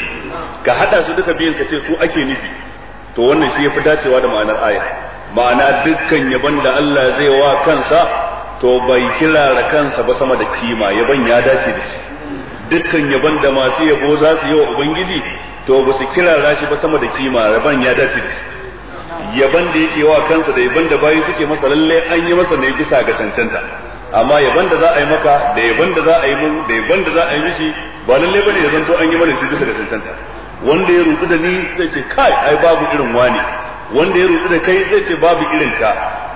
ka hada su duka biyun ka ce su ake nufi to wannan shi yafi dacewa da ma'anar aya ma'ana dukkan yaban da Allah zai wa kansa to bai kirara kansa ba sama da kima yaban ya dace da shi dukkan yaban da masu yabo za su yi wa ubangiji to ba su kirara shi ba sama da kima yaban ya dace da shi yaban da yake wa kansa da yaban da bayi suke masa lalle an yi masa ne bisa ga cancanta amma yaban da za a yi maka da yaban da za a yi mun da yaban da za a yi mishi ba lalle bane ya zanto an yi mana shi bisa ga cancanta wanda ya rubuta da ni zai ce kai ai babu irin wani wanda ya rutu da kai zai ce babu irin ka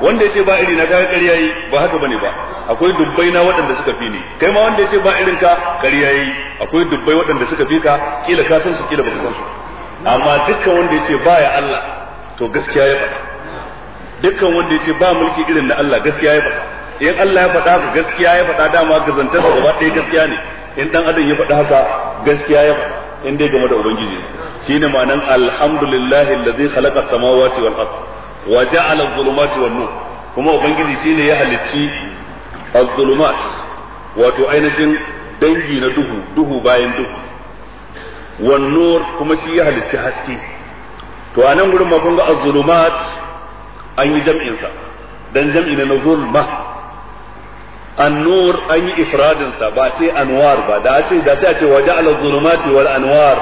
wanda ya ce ba irina ka ƙarya yi ba haka bane ba akwai dubbai na waɗanda suka fi ni kai ma wanda ya ce ba irin ka ƙarya yi akwai dubbai waɗanda suka fi ka kila ka san su kila ba ka san su amma dukkan wanda ya ce ba ya Allah to gaskiya ya faɗa dukkan wanda ya ce ba mulki irin na Allah gaskiya ya faɗa in Allah ya faɗa haka gaskiya ya faɗa dama gazantar da gaba ɗaya gaskiya ne in dan adam ya faɗa haka gaskiya ya faɗa in dai game da ubangiji shine ma'anan alhamdulillahi allazi khalaqa samawati wal ard wa ja'ala adh-dhulumati wan nur kuma ubangiji shine ya halicci adh-dhulumat wato ainihin dangi na duhu duhu bayan duhu wan nur kuma shi ya halicci haske to anan nan gurin ma kun ga adh-dhulumat an yi jam'in sa dan jam'i na zulma annur an yi ifradin sa ba ce anwar ba da ce da sai a ce waje ala zulumati wal anwar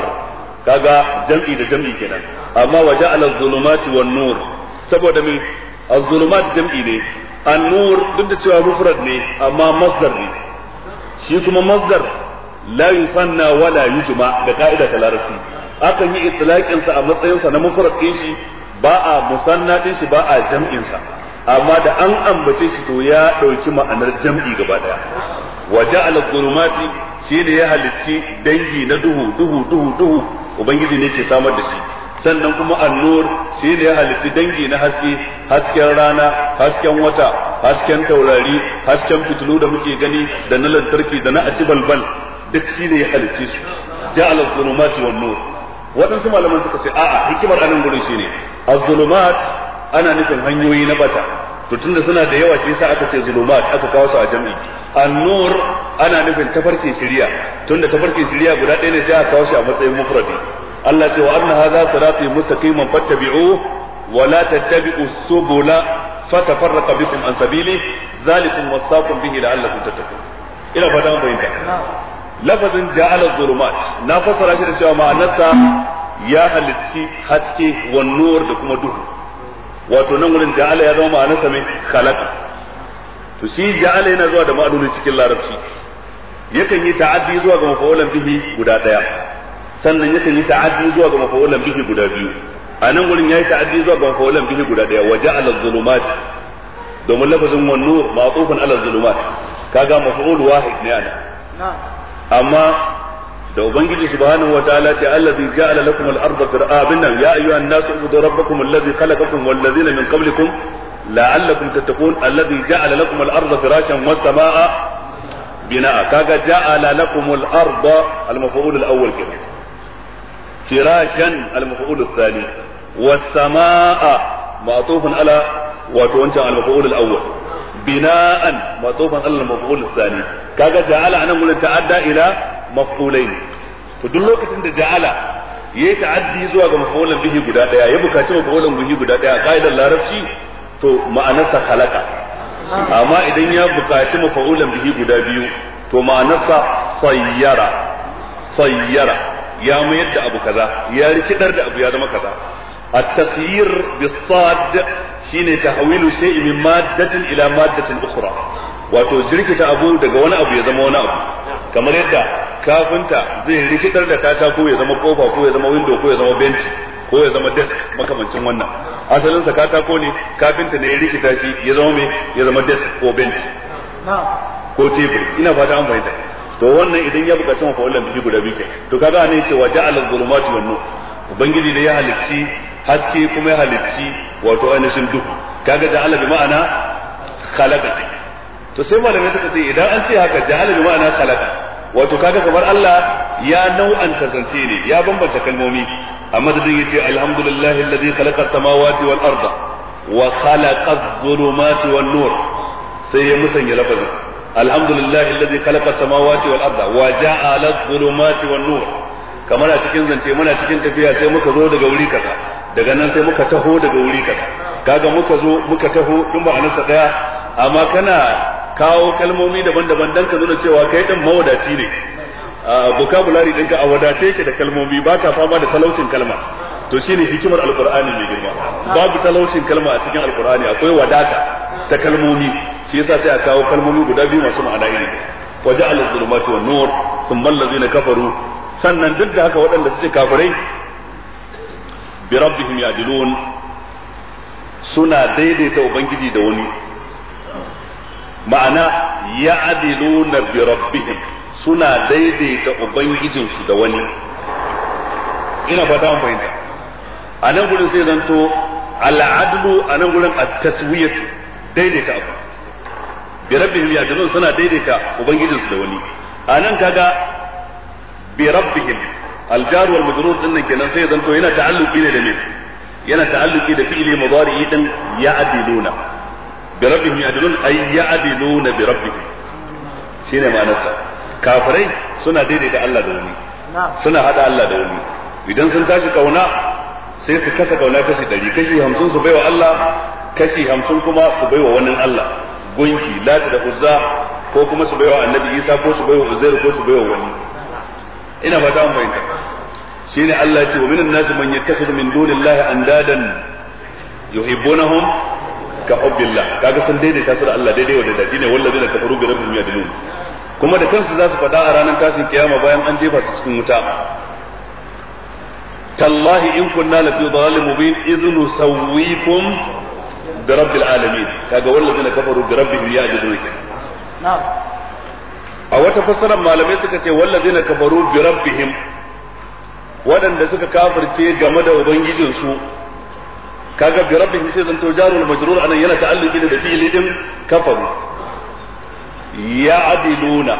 kaga jam'i da jam'i kenan amma waje ala zulumati wan nur saboda min az-zulumat jam'i ne annur duk da cewa mufrad ne amma masdar ne shi kuma masdar la yusanna wala yujma da ka'ida ta larabci akan yi itlaqin sa a matsayin sa na mufrad din shi ba a musanna din shi ba a jam'in sa amma da an ambace shi to ya ɗauki ma'anar jam'i gaba ɗaya wa ja'ala dhulumati ne ya halicci dangi na duhu duhu duhu duhu ubangiji ne ke samar da shi sannan kuma annur ne ya halicci dangi na haske hasken rana hasken wata hasken taurari hasken fitilu da muke gani da na lantarki da na aci balbal duk ne ya halicci su ja'ala dhulumati wan nur waɗansu malaman suka ce a'a hikimar anan gurin shine az-zulumat ana nufin hanyoyi na bata to tunda suna da yawa shi yasa aka ce zulumat aka kawo su a jam'i an-nur ana nufin tafarkin shari'a tunda tafarkin shari'a guda ɗaya ne sai aka kawo shi a matsayin mufradi Allah ce wa anna hadha sirati mustaqiman fattabi'u wa la tattabi'u subula fatafarraqa bikum an sabili zalikum wasaqum bihi la'allakum tattaqun ina fata mun bayyana lafazin ja'ala zulumat na fassara shi da cewa ma'anarsa ya halicci haske wa nur da kuma duhu wato nan wurin ja'ala ya zama ma'anar sa mai khalaqa to shi ja'ala yana zuwa da ma'anoni cikin larabci yakan yi ta'addi zuwa ga mafa'ulan bihi guda daya sannan yakan yi ta'addi zuwa ga mafa'ulan bihi guda biyu a nan wurin yayi ta'addi zuwa ga mafa'ulan bihi guda daya wa ja'ala adh-dhulumat domin lafazin wan nur ma'tufun ala adh-dhulumat kaga mafa'ul wahid ne ana amma da ubangiji subhanahu wataala ce allazi ja'ala lakum al-ardha fir'abin nan ya ayyuhan nasu ubudu rabbakum allazi khalaqakum wal ladzina min qablikum la'allakum tattaqun allazi ja'ala lakum al-ardha firashan was samaa'a bina'a kaga ja'ala lakum al-ardha al-maf'ul al-awwal kenan firashan al-maf'ul al-thani was samaa'a ma'tufun ala wato wancan al-maf'ul al-awwal bina'an ma'tufan ala al-maf'ul al-thani kaga ja'ala anan gurin ta'adda ila Mafulai ne to duk lokacin da ja'ala ya yi ta'addi zuwa ga maf'ulan bihi guda daya ya bukaci maf'ulan bihi guda daya a kaidar larabci to ma'anarsa khalaqa amma idan ya bukaci maf'ulan bihi guda biyu to ma'anarsa sayyara sayyara ya mayar da abu kaza ya rikidar da abu ya zama kaza التغيير بالصاد shine tahwilu shay'in min maddatin ila maddatin ukhra wato jirkita abu daga wani abu ya zama wani abu kamar yadda kafinta zai rikitar da katako ya zama kofa ko ya zama window ko ya zama bench ko ya zama desk makamancin wannan asalin sa katako ne kafinta ne ya rikita shi ya zama me ya zama desk ko bench ko tebur ina fata an fahimta to wannan idan ya buƙaci mafa wannan biki guda biyu to kaga ne cewa al zulumati wan nur ubangiji ne ya halicci haske kuma ya halicci wato ainihin duhu kaga Allah bi ma'ana khalaqa to sai malamai suka ce idan an ce haka ja'al bi ma'ana khalaqa wato kaga kamar Allah ya nau'anta zance ne ya bambanta kalmomi a madadin ce alhamdulillahi alladhi khalaqa samawati wal arda wa khalaqa adh-dhulumati wan nur sai ya musanya lafazin alhamdulillahi alladhi khalaqa samawati wal arda wa ja'a adh-dhulumati wan nur kamar a cikin zance muna cikin tafiya sai muka zo daga wuri kaza daga nan sai muka taho daga wuri kaza kaga muka zo muka taho din ba anasa daya amma kana kawo kalmomi daban-daban dan ka nuna cewa kai din mawadaci ne vocabulary ɗinka a wadace yake da kalmomi ba ka fama da talaucin kalma to shine hikimar alqur'ani mai girma babu talaucin kalma a cikin alqur'ani akwai wadata ta kalmomi shi yasa sai a kawo kalmomi guda biyu masu ma'ana iri waja'al dhulumati wan-nur thumma allazina kafaru sannan duk da haka waɗanda suke kafirai bi rabbihim ya'dilun suna daidaita ubangiji da wani ma'ana ya adilu na rabbihim suna daidaita ubangijinsu da wani ina fata mun fahimta a nan gurin sai zanto al'adlu a nan gurin at-taswiyatu daidaita abu bi ya ya'dilun suna daidaita ubangijinsu da wani a nan kaga bi rabbihim al-jar wal majrur din nan kenan sai zanto yana ta'alluqi ne da me yana ta'alluqi da fi'li mudari'i din adiluna bi rabbihim ya'dilun ay ya'diluna bi rabbihim shine ma'anarsa kafirai suna daidaita Allah da wani suna hada Allah da wani idan sun tashi kauna sai su kasa kauna kashi ɗari kashi hamsin su baiwa Allah kashi hamsin kuma su baiwa wani Allah gunki lati da uzza ko kuma su baiwa annabi isa ko su baiwa uzair ko su baiwa wani ina fata mun bayyana shine Allah ya ce wa minan nasi man yattakhidhu min dunillahi andadan yuhibbunahum ka hubbillah kaga sun daidaita su da Allah daidai wanda ne shine wallazina kafaru bi rabbihim yadlun kuma da kansu za su faɗa a ranar tashin kiyama bayan an jefa su cikin wuta tallahi in kunna lafi dhalalin mubin idhnu sawwikum bi rabbil alamin kaga wallazina kafaru bi rabbihim yadlun na'am a wata fassarar malamai suka ce wallazina kafaru bi rabbihim waɗanda suka kafirce game da ubangijinsu kaga bi rabbih sai zanto jarul majrur anan yana ta'alluqi da fi'li din kafaru ya'diluna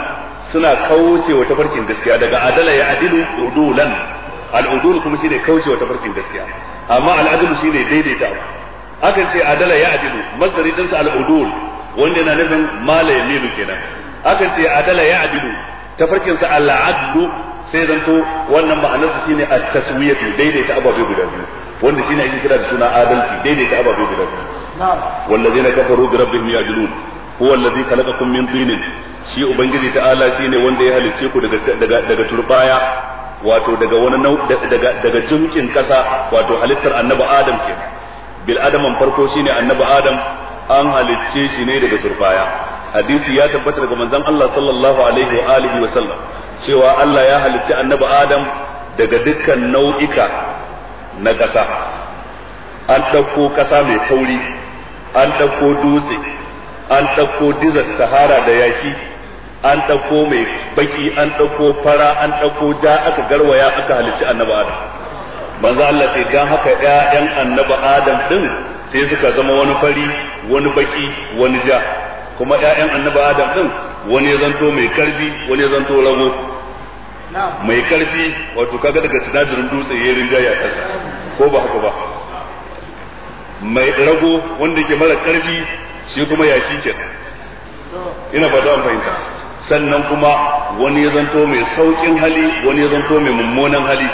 suna kauce wa tafarkin gaskiya daga adala ya adilu udulan al'udul kuma shine kauce wa tafarkin gaskiya amma al'adul shine daidaita akan ce adala ya adilu masdari din sa al'udul wanda yana nufin mala yaminu kenan akan ce adala ya adilu tafarkin sa al'adlu sai zanto wannan ma'anarsa shine at-taswiyatu daidaita ababe guda biyu wanda shine ake kira da suna adalci daidaita ababe guda biyu wallazina kafaru bi rabbihim ya'dilun huwa allazi khalaqakum min tinin shi ubangiji ta'ala shine wanda ya halicce ku daga daga wato daga wani nau daga daga jumkin kasa wato halittar annabi adam ke bil adaman farko shine annabi adam an halicce shi ne daga turbaya hadisi ya tabbata daga manzon Allah sallallahu alaihi wa alihi wa sallam cewa Allah ya halitta annabi Adam daga dukkan nau'ika na ƙasa an ɗauko ƙasa mai tauri an ɗauko dutse an ɗauko dizar sahara da yashi an ɗauko mai baki an ɗauko fara an ɗauko ja aka garwaya aka halitta annabi Adam manzo Allah ce dan haka ƴaƴan annabi Adam din sai suka zama wani fari wani baki wani ja kuma ƴaƴan annaba adam ɗin wani ya zanto mai karfi wani ya zanto rago mai karfi wato kaga daga sinadarin dutse ya rinjaya ƙasa ko ba haka ba mai rago wanda ke mara karfi shi kuma shi ke ina ba an fahimta sannan kuma wani ya zanto mai saukin hali wani ya zanto mai mummunan hali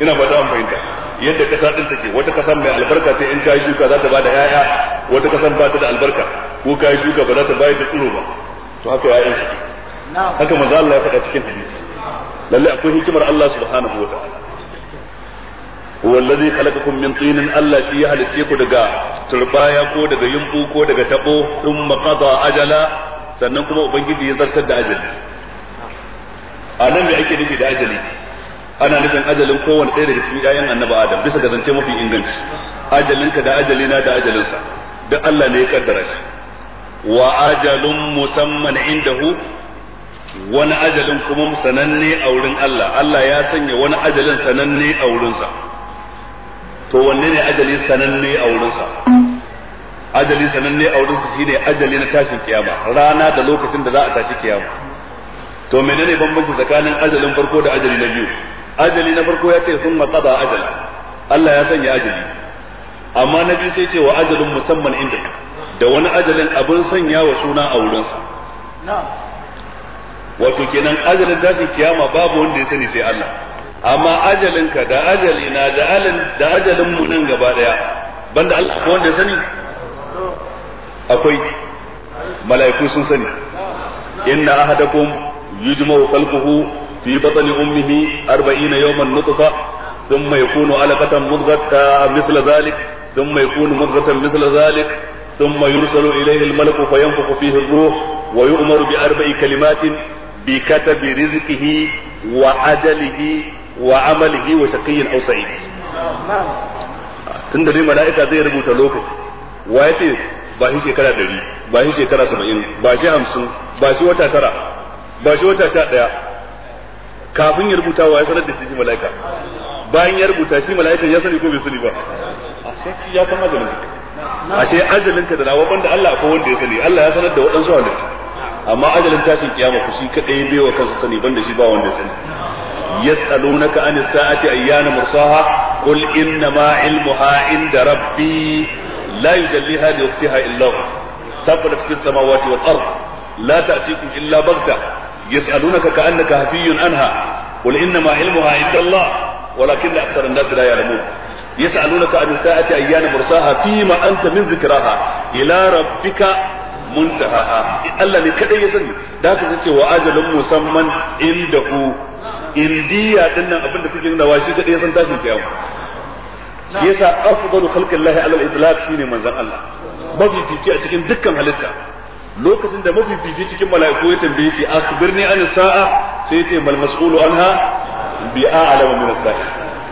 ina ba an fahimta yadda kasa din take wata kasa mai albarka sai in ka shuka za ta bada yaya wata kasa ba ta da albarka ko kai shuka ba za ta bayar da tsiro ba to haka yayan shi haka manzo Allah ya faɗa cikin hadisi lalle akwai hikimar Allah subhanahu wa ta'ala huwa allazi khalaqakum min tinin Allah shi ya halice ku daga turbaya ko daga yumbu ko daga tabo thumma qada ajala sannan kuma ubangiji ya zartar da ajali a nan me ake nufi da ajali ana nufin ajalin kowanne ɗaya daga cikin ƴaƴan annabi adam bisa ga zance mafi inganci ajalinka da ajalina da ajalinsa duk Allah ne ya kaddara shi wa ajalun musamman indahu wani ajalin kuma sananne a wurin Allah Allah ya sanya wani ajalin sananne a wurinsa to wanne ne ajali sananne a wurinsa ajali sananne a wurinsa shine ajali na tashin kiyama rana da lokacin da za a tashi kiyama to menene bambanci tsakanin ajalin farko da ajali na biyu ajali na farko ya ce sun matsada ajala Allah ya sanya ajali amma na biyu sai ce wa ajalin musamman inda da wani ajalin abin sanya wa suna a wurinsa wato kenan ajalin tashin kiyama babu wanda ya sani sai Allah amma ajalinka da ajali na da ajalin da ajalin mu nan gaba daya banda Allah ko wanda ya sani akwai mala'iku sun sani inna ahadakum yujma'u khalquhu في بطن أمه أربعين يوما نطفة ثم يكون علقة مضغة مثل ذلك ثم يكون مضغة مثل ذلك ثم يرسل إليه الملك فينفخ فيه الروح ويؤمر بأربع كلمات بكتب رزقه وأجله وعمله وشقي أو سعيد tun da dai mala'ika zai rubuta lokaci wa ya ce ba shi shekara ɗari ba shi shekara saba'in ba shi hamsin ba shi wata tara ba shi wata sha ɗaya kafin ya rubuta wa ya sanar da shi mala'ika bayan ya rubuta shi mala'ika ya sani ko bai sani ba a sai ya san ajalin ka ashe ajalin ka da nawa banda Allah akwai wanda ya sani Allah ya sanar da waɗansu halittu amma ajalin tashin kiyama ku shi kadai bai wa kansa sani banda shi ba wanda ya sani yas'alunaka anis sa'ati ayyana mursaha qul inna ma ilmuha inda rabbi la yujalliha li waqtiha illa hu tabbat fis samawati wal ard la ta'tikum illa baghtah yas'alunaka ka'annaka hafiyyun anha qul innama ilmuha indallah walakin aktsara an-nasi la ya'lamun yas'alunaka an sa'ati ayyana mursaha fima anta min dhikraha ila rabbika muntaha Allah ne kadai ya sani da haka sace wa ajalun musamman indahu indiya dinnan abinda take nuna wa shi kadai ya san tashin kiyama shi yasa afdalu khalqillahi ala al shi ne manzan Allah mafifici a cikin dukkan halitta lokacin da mafifici cikin mala'iku ya tambaye shi asbirni an sa'a sai ce mal mas'ulu anha bi a'lamu min as-sa'i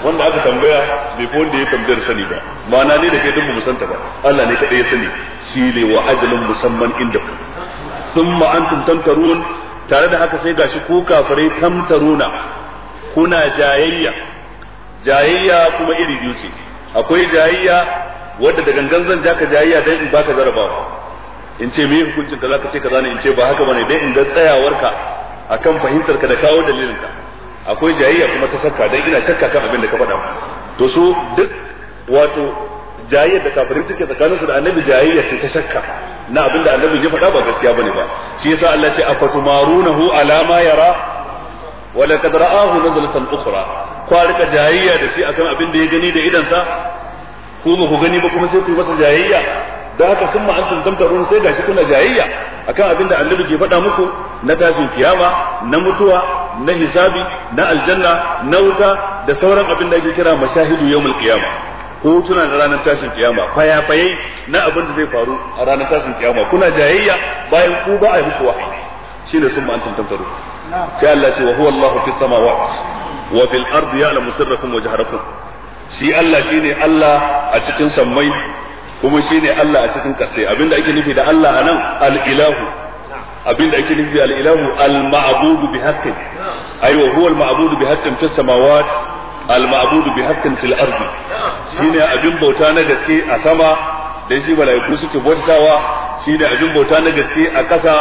wanda aka tambaya bai fi wanda ya tambayar sani ba ma'ana ne da kai duk mu santa ba Allah ne kadai ya sani shi ne wa ajalin musamman inda ku thumma antum tantarun tare da haka sai gashi ku kafirai tantaruna kuna jayayya jayayya kuma iri biyu ce akwai jayayya wadda da gangan zan jaka jayayya dan in baka zarabawa in ce me hukuncin kaza ka ce kaza ne in ce ba haka bane dai in ga tsayawarka akan fahimtar ka da kawo dalilin ka akwai jayayya kuma ta shakka dan ina shakka kan abin da ka faɗa to su duk wato jayayyar da kafirin suke tsakaninsu da annabi jayayya ce ta shakka na abin da annabi ya faɗa ba gaskiya bane ba shi yasa Allah ce afatumarunahu ala ma yara wa laqad ra'ahu nazlatan ukhra kwa rika jayayya da shi akan abin da ya gani da idansa ko ba ku gani ba kuma sai ku yi masa jayayya da haka sun ma antum tamtarun sai gashi kuna jayayya akan abinda annabi ke faɗa muku na tashin kiyama na mutuwa na hisabi na aljanna na wuta da sauran abin da ake kira mashahidu yawmul qiyama ko tuna da ranar tashin kiyama fayafaye na abin da zai faru a ranar tashin kiyama kuna jayayya bayan ku ba a yi muku wahayi shine sun ma antum tamtarun sai Allah ce wa huwa Allahu fis samawati wa fil ardi ya'lamu sirrakum wa jahrakum shi Allah shine Allah a cikin sammai kuma shine Allah a cikin kasai abinda ake nufi da Allah anan al-ilahu abinda ake nufi da al-ilahu al-ma'budu bi haqqin aywa huwa al-ma'budu bi haqqin fis samawati al-ma'budu bi haqqin fil ardi shine abin bauta na gaske a sama dai shi malaiku suke bautawa shine abin bauta na gaske a kasa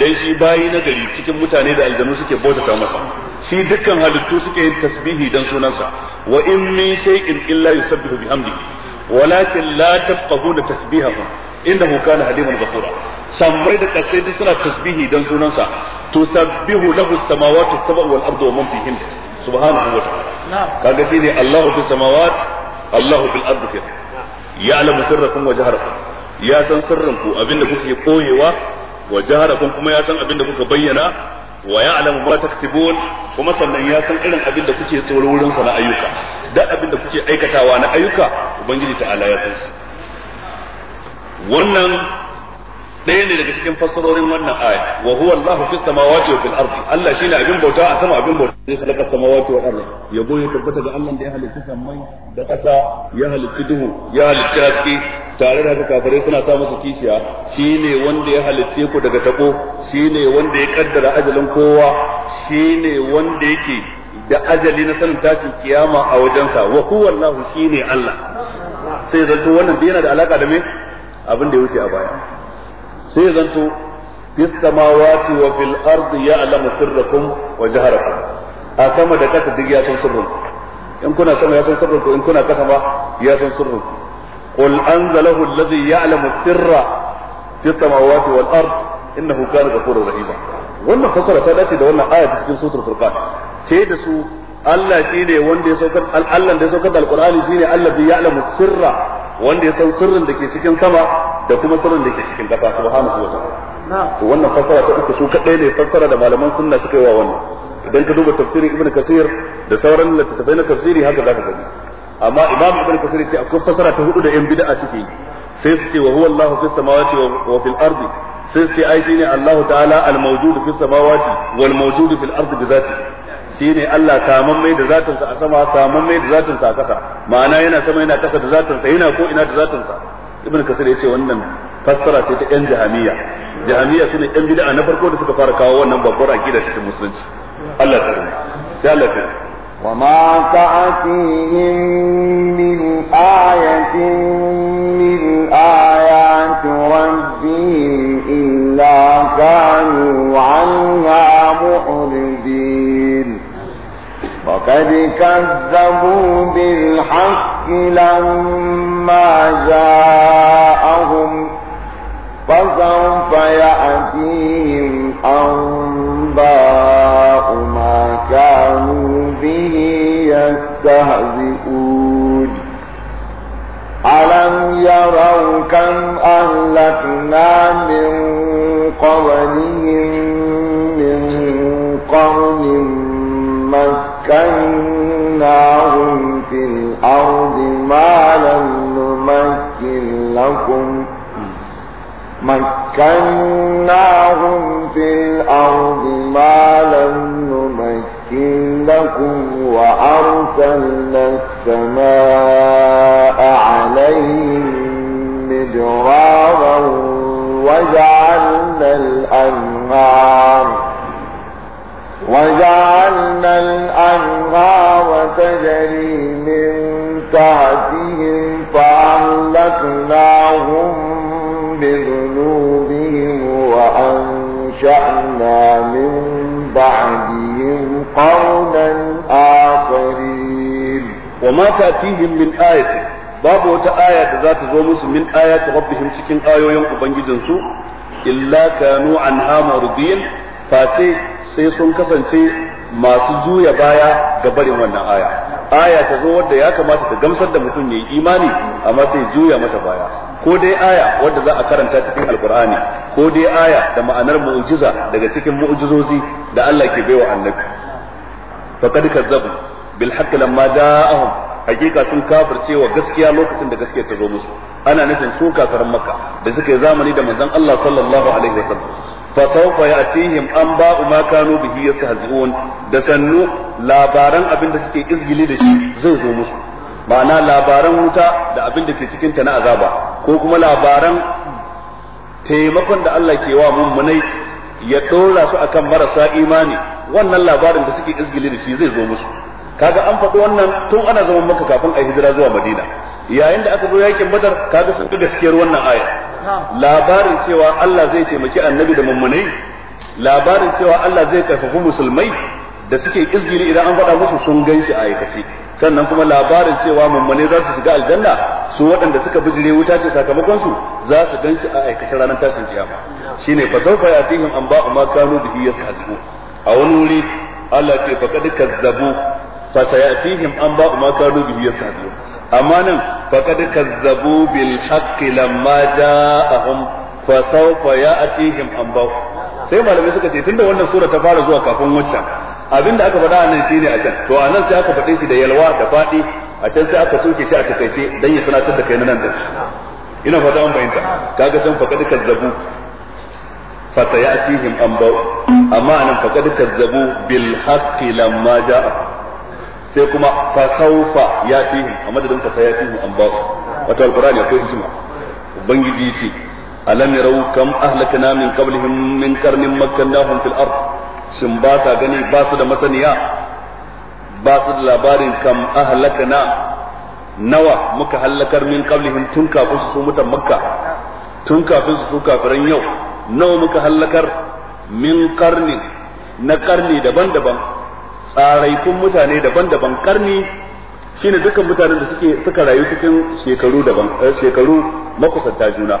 dai shi bayi na gari cikin mutane da aljanu suke bautata masa shi dukkan halittu suke yin tasbihi dan sunansa wa in min shay'in illa yusabbihu bihamdihi walakin la tafqahuna tasbihahu innahu kana haliman ghafura sammai da kasai suna tasbihi dan sunansa to sabbihu lahu samawati sab'u wal ardu wa man fihin subhanahu wa ta'ala kaga Allahu fis samawati Allahu fil ardi kayfa ya'lamu sirrakum wa ya san sirrinku abinda kuke koyewa wa jaharakum kuma ya san abinda kuka bayyana wa ya'lamu ma taksibun kuma sannan ya san irin abinda kuke tsoro na ayyuka da abin da kuke aikatawa na ayyuka ubangiji ta'ala ya san su wannan ɗaya ne daga cikin fassarorin wannan aya wa huwa samawati wa fil ardi Allah shine abin bauta a sama abin bauta ne samawati ardi yabo ya tabbata ga Allah da ya halitta samai da ya halitta duhu ya halitta haske tare da kafirai suna sa musu kishiya shine wanda ya ku daga tabo shine wanda ya kaddara ajalin kowa shine wanda yake da ajali na sanin tashin kiyama a wajensa wa huwa Allah ne Allah sai zanto wannan yana da alaka da me abin da ya wuce a baya sai zanto fis samawati wa fil ardi ya'lamu sirrakum wa jaharakum a sama da kasa duk ya san sirrin in kuna sama ya san sirrin ko in kuna kasa ba ya san sirrin qul anzalahu alladhi ya'lamu sirra fis samawati wal ardi innahu kana ghafurur rahima wannan fasara ta dace da wannan aya cikin suratul furqan ce da su Allah ne wanda ya saukar Allah da ya saukar da alqur'ani shine Allah bi ya'lamu sirra wanda ya san sirrin da ke cikin sama da kuma sirrin da ke cikin ƙasa subhanahu wa ta'ala wannan fassara ta uku su kadai ne fassara da malaman sunna suka yi wa wannan idan ka duba tafsirin Ibn kasir da sauran littattafai na tafsiri haka zaka gani amma imam ibnu kasir ce akwai fassara ta hudu da yan bid'a suke yi sai su ce wa huwa Allahu fis samawati wa fil ardi sai su ce ai shine Allahu ta'ala al mawjud fis samawati wal mawjud fil ardi bi zatihi shine Allah saman mai da zatin sa a sama saman mai da zatin sa a kasa ma'ana yana sama yana kasa da zatin sa yana ko ina da zatin sa ibn kasir yace wannan fassara ce ta yan jahamiyya jahamiyya sune yan bid'a na farko da suka fara kawo wannan babbar akida cikin musulunci Allah ta sai Allah ta وما تأتيهم من آية من آيات ربهم illa كانوا عنها فقد كذبوا بالحق لما جاءهم فسوف يأتيهم أنباء ما كانوا به يستهزئون ألم يروا كم أهلكنا من قبلهم من قرن لكم مكناهم في الأرض ما لم نمكن لكم وأرسلنا السماء عليهم مدرارا وجعلنا الأنهار وجعلنا الأنهار تجري من تحتهم فأهلكناهم بذنوبهم وأنشأنا من بعدهم قولا آخرين وما تأتيهم من آية باب وتآية ذات ذومس من آية ربهم سكن آية يوم أبنجدنسو إلا كانوا عنها مرضين فاتي سيسون كسنسي masu juya baya ga barin wannan aya aya ta zo wadda ya kamata ta gamsar da mutum yayi imani amma sai juya mata baya ko dai aya wadda za a karanta cikin alkur'ani ko dai aya da ma'anar mu'jiza daga cikin mu'jizozi da Allah ke baiwa annabi faqad kazzabu bil haqqi lamma ja'ahum hakika sun kafirce wa gaskiya lokacin da gaskiya ta zo musu ana nufin su kafiran makka da suka yi zamani da manzon Allah sallallahu alaihi wasallam fa sawfa ya'tihim anba'u ma kanu bihi yastahzi'un da sannu labaran abin da suke izgili da shi zai zo musu ma'ana labaran wuta da abin da ke cikin ta na azaba ko kuma labaran taimakon da Allah ke wa mummunai ya dora su akan marasa imani wannan labarin da suke izgili da shi zai zo musu kaga an faɗi wannan tun ana zaman maka kafin a hijira zuwa madina yayin da aka zo yakin badar kaga sun gaskiyar wannan aya labarin cewa Allah zai taimaki annabi da mummunai labarin cewa Allah zai karfafi musulmai da suke izgili idan an faɗa musu sun gan shi a aikace sannan kuma labarin cewa mummunai za su shiga aljanna su waɗanda suka bijire wuta ce sakamakon su za su gan shi a aikace ranar tashin kiyama shine fa sawfa yatihim an ba'u ma kanu bihi yakazbu a wani wuri Allah ce faqad kazzabu fa sayatihim an ba'u ma kanu bihi yakazbu amma nan faqad kazzabu bil haqqi lamma ja'ahum fa sawfa ya'tihim anba'u sai malamai suka ce tunda wannan sura ta fara zuwa kafin waccan abinda aka faɗa nan shine a can to a nan sai aka faɗe shi da yalwa da faɗi a can sai aka soke shi a takaice dan ya tunatar da kai nan da ina fata an bayyana kaga can faqad kazzabu fa sayatihim anba'u amma anan faqad kazzabu bil haqqi lamma ja'ahum sai kuma fa sawfa yatihim a madadin fa sayatihim an ba'u wato alqur'ani akwai hikima ubangiji yace alam yarau kam ahlakna min qablihim min qarnin makkannahum fil ard shin ba ta gani ba su da masaniya ba su da labarin kam ahlakna nawa muka halakar min qablihim tun kafin su mutan makka tun kafin su su kafiran yau nawa muka halakar min qarnin na karni daban-daban tsaraikun mutane daban-daban karni shine dukkan mutanen da suke suka rayu cikin shekaru daban eh, shekaru makusanta juna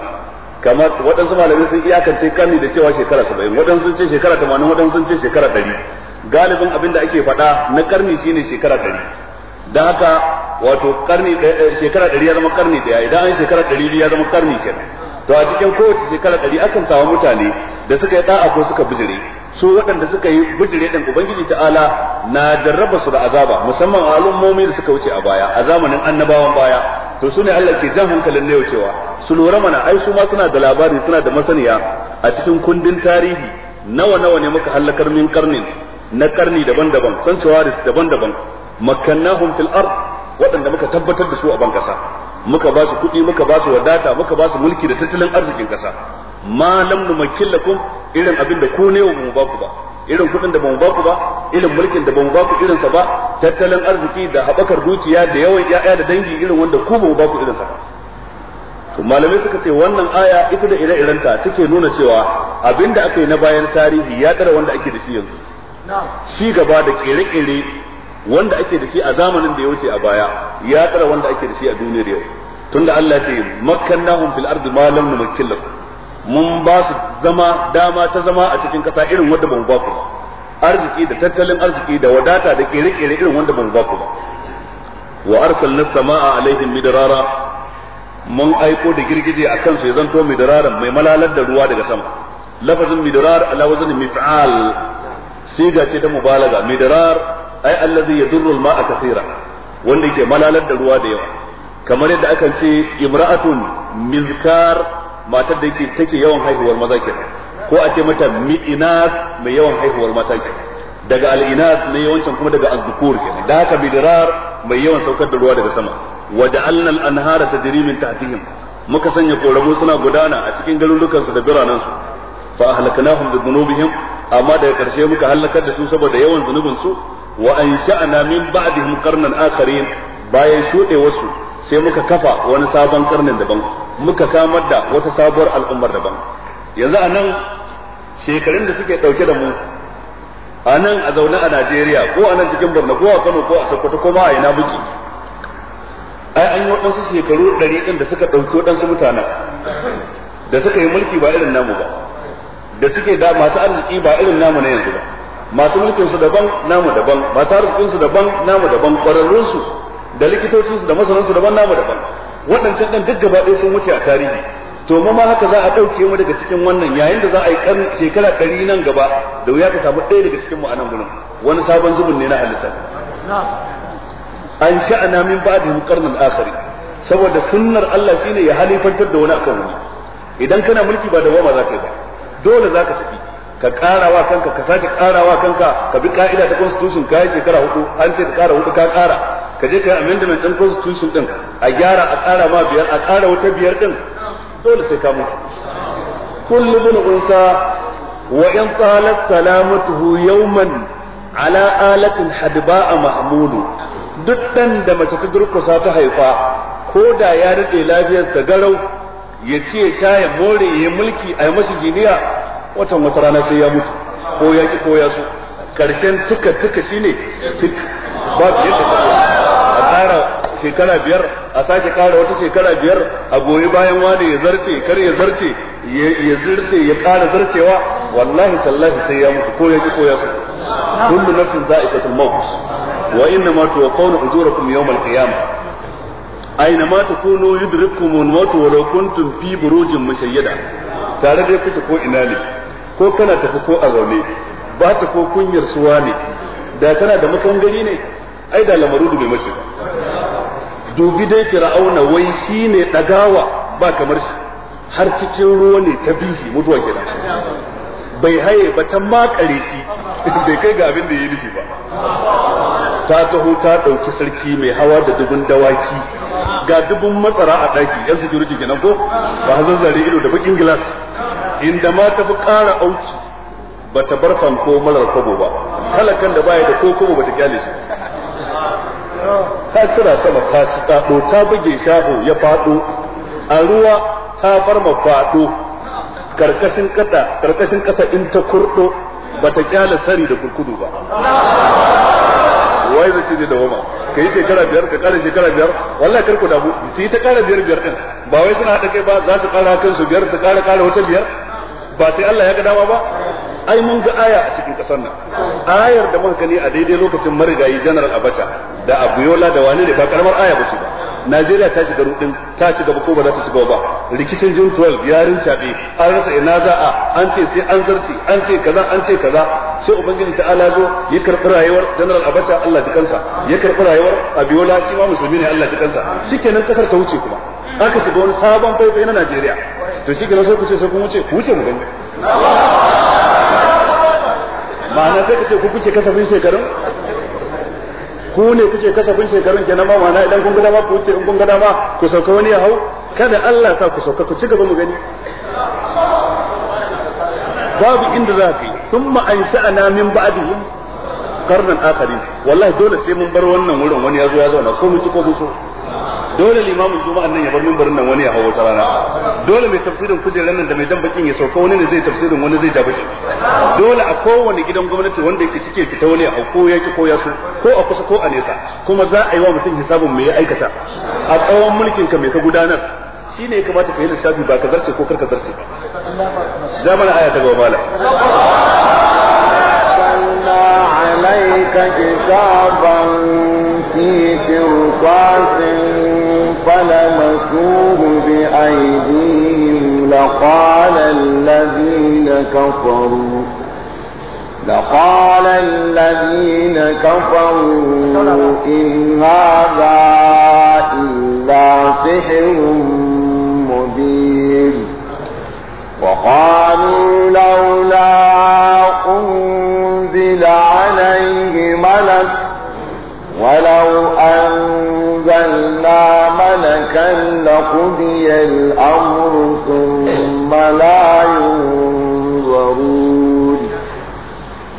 kamar waɗansu malamai sun iyakance karni da cewa shekara saba'in waɗansu sun ce shekara tamanin waɗansu sun ce shekara ɗari galibin abin da ake faɗa na karni shine shekara ɗari don haka wato karni eh, shekara ɗari ya zama karni ɗaya idan an shekara ɗari ya zama karni kenan to a cikin kowace shekara ɗari akan samu mutane da suka yi ɗa'a ko suka bijire su waɗanda suka yi bijire ɗin ubangiji ta'ala na jarraba su da azaba musamman a al'ummomi da suka wuce a baya a zamanin annabawan baya to su ne Allah ke jan hankalin na yau cewa su lura mana ai su ma suna da labari suna da masaniya a cikin kundin tarihi nawa nawa ne muka halakar min karnin na karni daban-daban san su daban-daban makkannahum fil ard waɗanda muka tabbatar da su a ban kasa muka ba su kuɗi muka ba su wadata muka ba su mulki da tattalin arzikin kasa ma lam nu makillakum irin abin da ku ne mu ba ku ba irin kuɗin da ba mu ba ku ba irin mulkin da ba mu ba ku irin sa ba tattalin arziki da habakar dukiya da yawan ya'ya da dangi irin wanda ku ba mu ba ku irin sa ba to malamai suka ce wannan aya ita da ire-irenta suke nuna cewa abinda aka yi na bayan tarihi ya tsara wanda ake da shi yanzu shi gaba da kere-kere wanda ake da shi a zamanin da ya wuce a baya ya tsara wanda ake da shi a duniyar yau tunda Allah ce makkannahum fil ardi ma lam numakkil mun ba su zama dama ta zama a cikin kasa irin wanda ba mu ba ku ba arziki da tattalin arziki da wadata da kere-kere irin wanda ba mu ba ku ba wa arsalna samaa alaihim midrara mun aiko da girgije akan su ya zanto midraran mai malalar da ruwa daga sama lafazin midrar ala wazn mif'al siga ce ta mubalaga midrar ai allazi yadurru al-ma'a kathira wanda yake malalar da ruwa da yawa kamar yadda akan ce imra'atun mizkar matar da take yawan haihuwar maza ke ko a ce mata mi'inat mai yawan haihuwar mata ke daga al'inat ne yawancin kuma daga azzukur ke da haka bidirar mai yawan saukar da ruwa daga sama Waje waja'alna al-anhara tajri min tahtihim muka sanya koramu suna gudana a cikin garurukan su da biranen su fa ahlaknahum bi dhunubihim amma daga karshe muka halakar da su saboda yawan zunubin su wa ansha'na min ba'dihim qarnan akharin bayan shuɗe wasu sai muka kafa wani sabon karnin daban muka samar da wata sabuwar al'ummar daban yanzu a nan shekarun da suke ɗauke da mu a nan a zaune a najeriya ko a nan cikin borno ko a kano ko a sokoto ko ma a ina buki ai an yi waɗansu shekaru ɗari ɗin da suka ɗauki waɗansu mutanen da suka yi mulki ba irin namu ba da suke da masu arziki ba irin namu na yanzu ba masu mulkinsu daban namu daban masu arzikinsu daban namu daban ƙwararrunsu da su da su daban namu daban waɗancan ɗan duk gaba ɗaya sun wuce a tarihi to ma haka za a ɗauke mu daga cikin wannan yayin da za a yi shekara ɗari nan gaba da wuya ka samu ɗaya daga cikin mu a nan gurin wani sabon zubin ne na halitta an sha'ana min ba'dihim qarnan akhari saboda sunnar Allah shine ya halifantar da wani akan wani idan kana mulki ba da wama za ka yi ba dole za ka tafi ka karawa kanka ka sake karawa kanka ka bi ka'ida ta constitution ka yi shekara hudu an ce ka kara hudu ka kara ka je ka yi amendment tun constitution ɗin a gyara a ƙara ma biyar a ƙara wata biyar ɗin dole sai ka mutu kullu bin unsa wa in talat salamatuhu yawman ala alatin hadba'a mahmudu duk ɗan da mace ta durkusa ta haifa ko da ya daɗe lafiyarsa garau ya ci ya sha ya more ya yi mulki a yi masa jiniya watan wata rana sai ya mutu ko ya ki ko ya so karshen tuka tuka shine tuka babu yadda kara shekara biyar a sake kara wata shekara biyar a goyi bayan wani ya zarce kar ya zarce ya zarce ya ƙara zarcewa wallahi tallahi sai ya mutu ko ya ji ko ya so kullu nafsin za'iqatul maut wa inna ma tuwaffawna ujurakum yawmal qiyamah أينما تكونوا يدرككم الموت ولو كنتم في بروج shayyada tare dai kuta ko ina ne ko kana tafi ko a zaune ba ta ko kunyar suwa ne da kana da makangari ne ai da lamarudu bai mace ba dubi dai fir'auna wai shine dagawa ba kamar shi har cikin ruwa ne ta bishi mutuwa kenan bai haye ba ta makare shi (laughs) bai kai ga abin da ya nufi ba ta taho ta ɗauki sarki mai hawa da dubun dawaki ga dubun matsara a ɗaki yan security kenan ko ba hazan zare ido da bakin gilas inda ma tafi ƙara auki ba ta bar fanko marar kwabo ba talakan da baya da ko kwabo ba ta kyale shi ta cira sama ta tsado ta buge shaho ya faɗo a ruwa ta farma faɗo karkashin kasa karkashin kasa in ta kurɗo ba ta kyala sari da kurkudu ba wai zai ce da wama ka yi shekara biyar ka kara shekara biyar wallahi karku da bu su yi ta kara biyar biyar din ba wai suna haɗa kai ba za su kara kansu biyar su kara kara wata biyar ba sai Allah ya ga dama ba ai mun ga aya a cikin kasar nan ayar da muka gani a daidai lokacin marigayi general abacha da abuyola da wani ne ba karamar aya ba su ba najeriya ta shiga rudin ta ci gaba ko ba za ta ci gaba ba rikicin jun 12 yarin tabe an rasa ina za a an ce sai an zarce an ce kaza an ce kaza sai ubangiji ta ala zo ya karɓi rayuwar general abacha allah ji kansa ya karɓi rayuwar abiola shi ma musulmi ne allah ji kansa shikenan kasar ta wuce kuma aka shiga wani sabon faifai na najeriya to shikenan sai ku ce sai kun wuce ku wuce mu gani ma'ana sai kace ku kuke kasafin shekarun ku ne kuke kasafin shekarun kenan ma ma'ana idan kun gada ma ku wuce in kun gada ma ku sauka wani ya hau kada Allah sa ku sauka ku ci gaba mu gani babu inda za ka yi thumma ansha'na min ba'dihim qarnan akhari wallahi dole sai mun bar wannan wurin wani yazo zo ya zauna ko mutu ko buso dole limamin juma'an nan ya bar mimbarin nan wani ya hawo wata rana dole mai tafsirin kujerar nan da mai jan bakin ya sauka wani ne zai tafsirin wani zai ja dole a kowane gidan gwamnati wanda yake cike fita wani a ko ya ki ko ya ko a kusa ko a nesa kuma za a yi wa mutum hisabin mai aikata a tsawon mulkin ka mai ka gudanar shi ne ya kamata ka yi lissafi ba ka zarce ko karka zarce ba zamana aya ta gaba عليك كتابا في فلمسوه بأيديهم لقال الذين كفروا لقال الذين كفروا إن هذا إلا سحر مبين وقالوا لولا أنزل عليه ملك ولو أن أنزلنا ملكا لقضي الأمر ثم لا ينظرون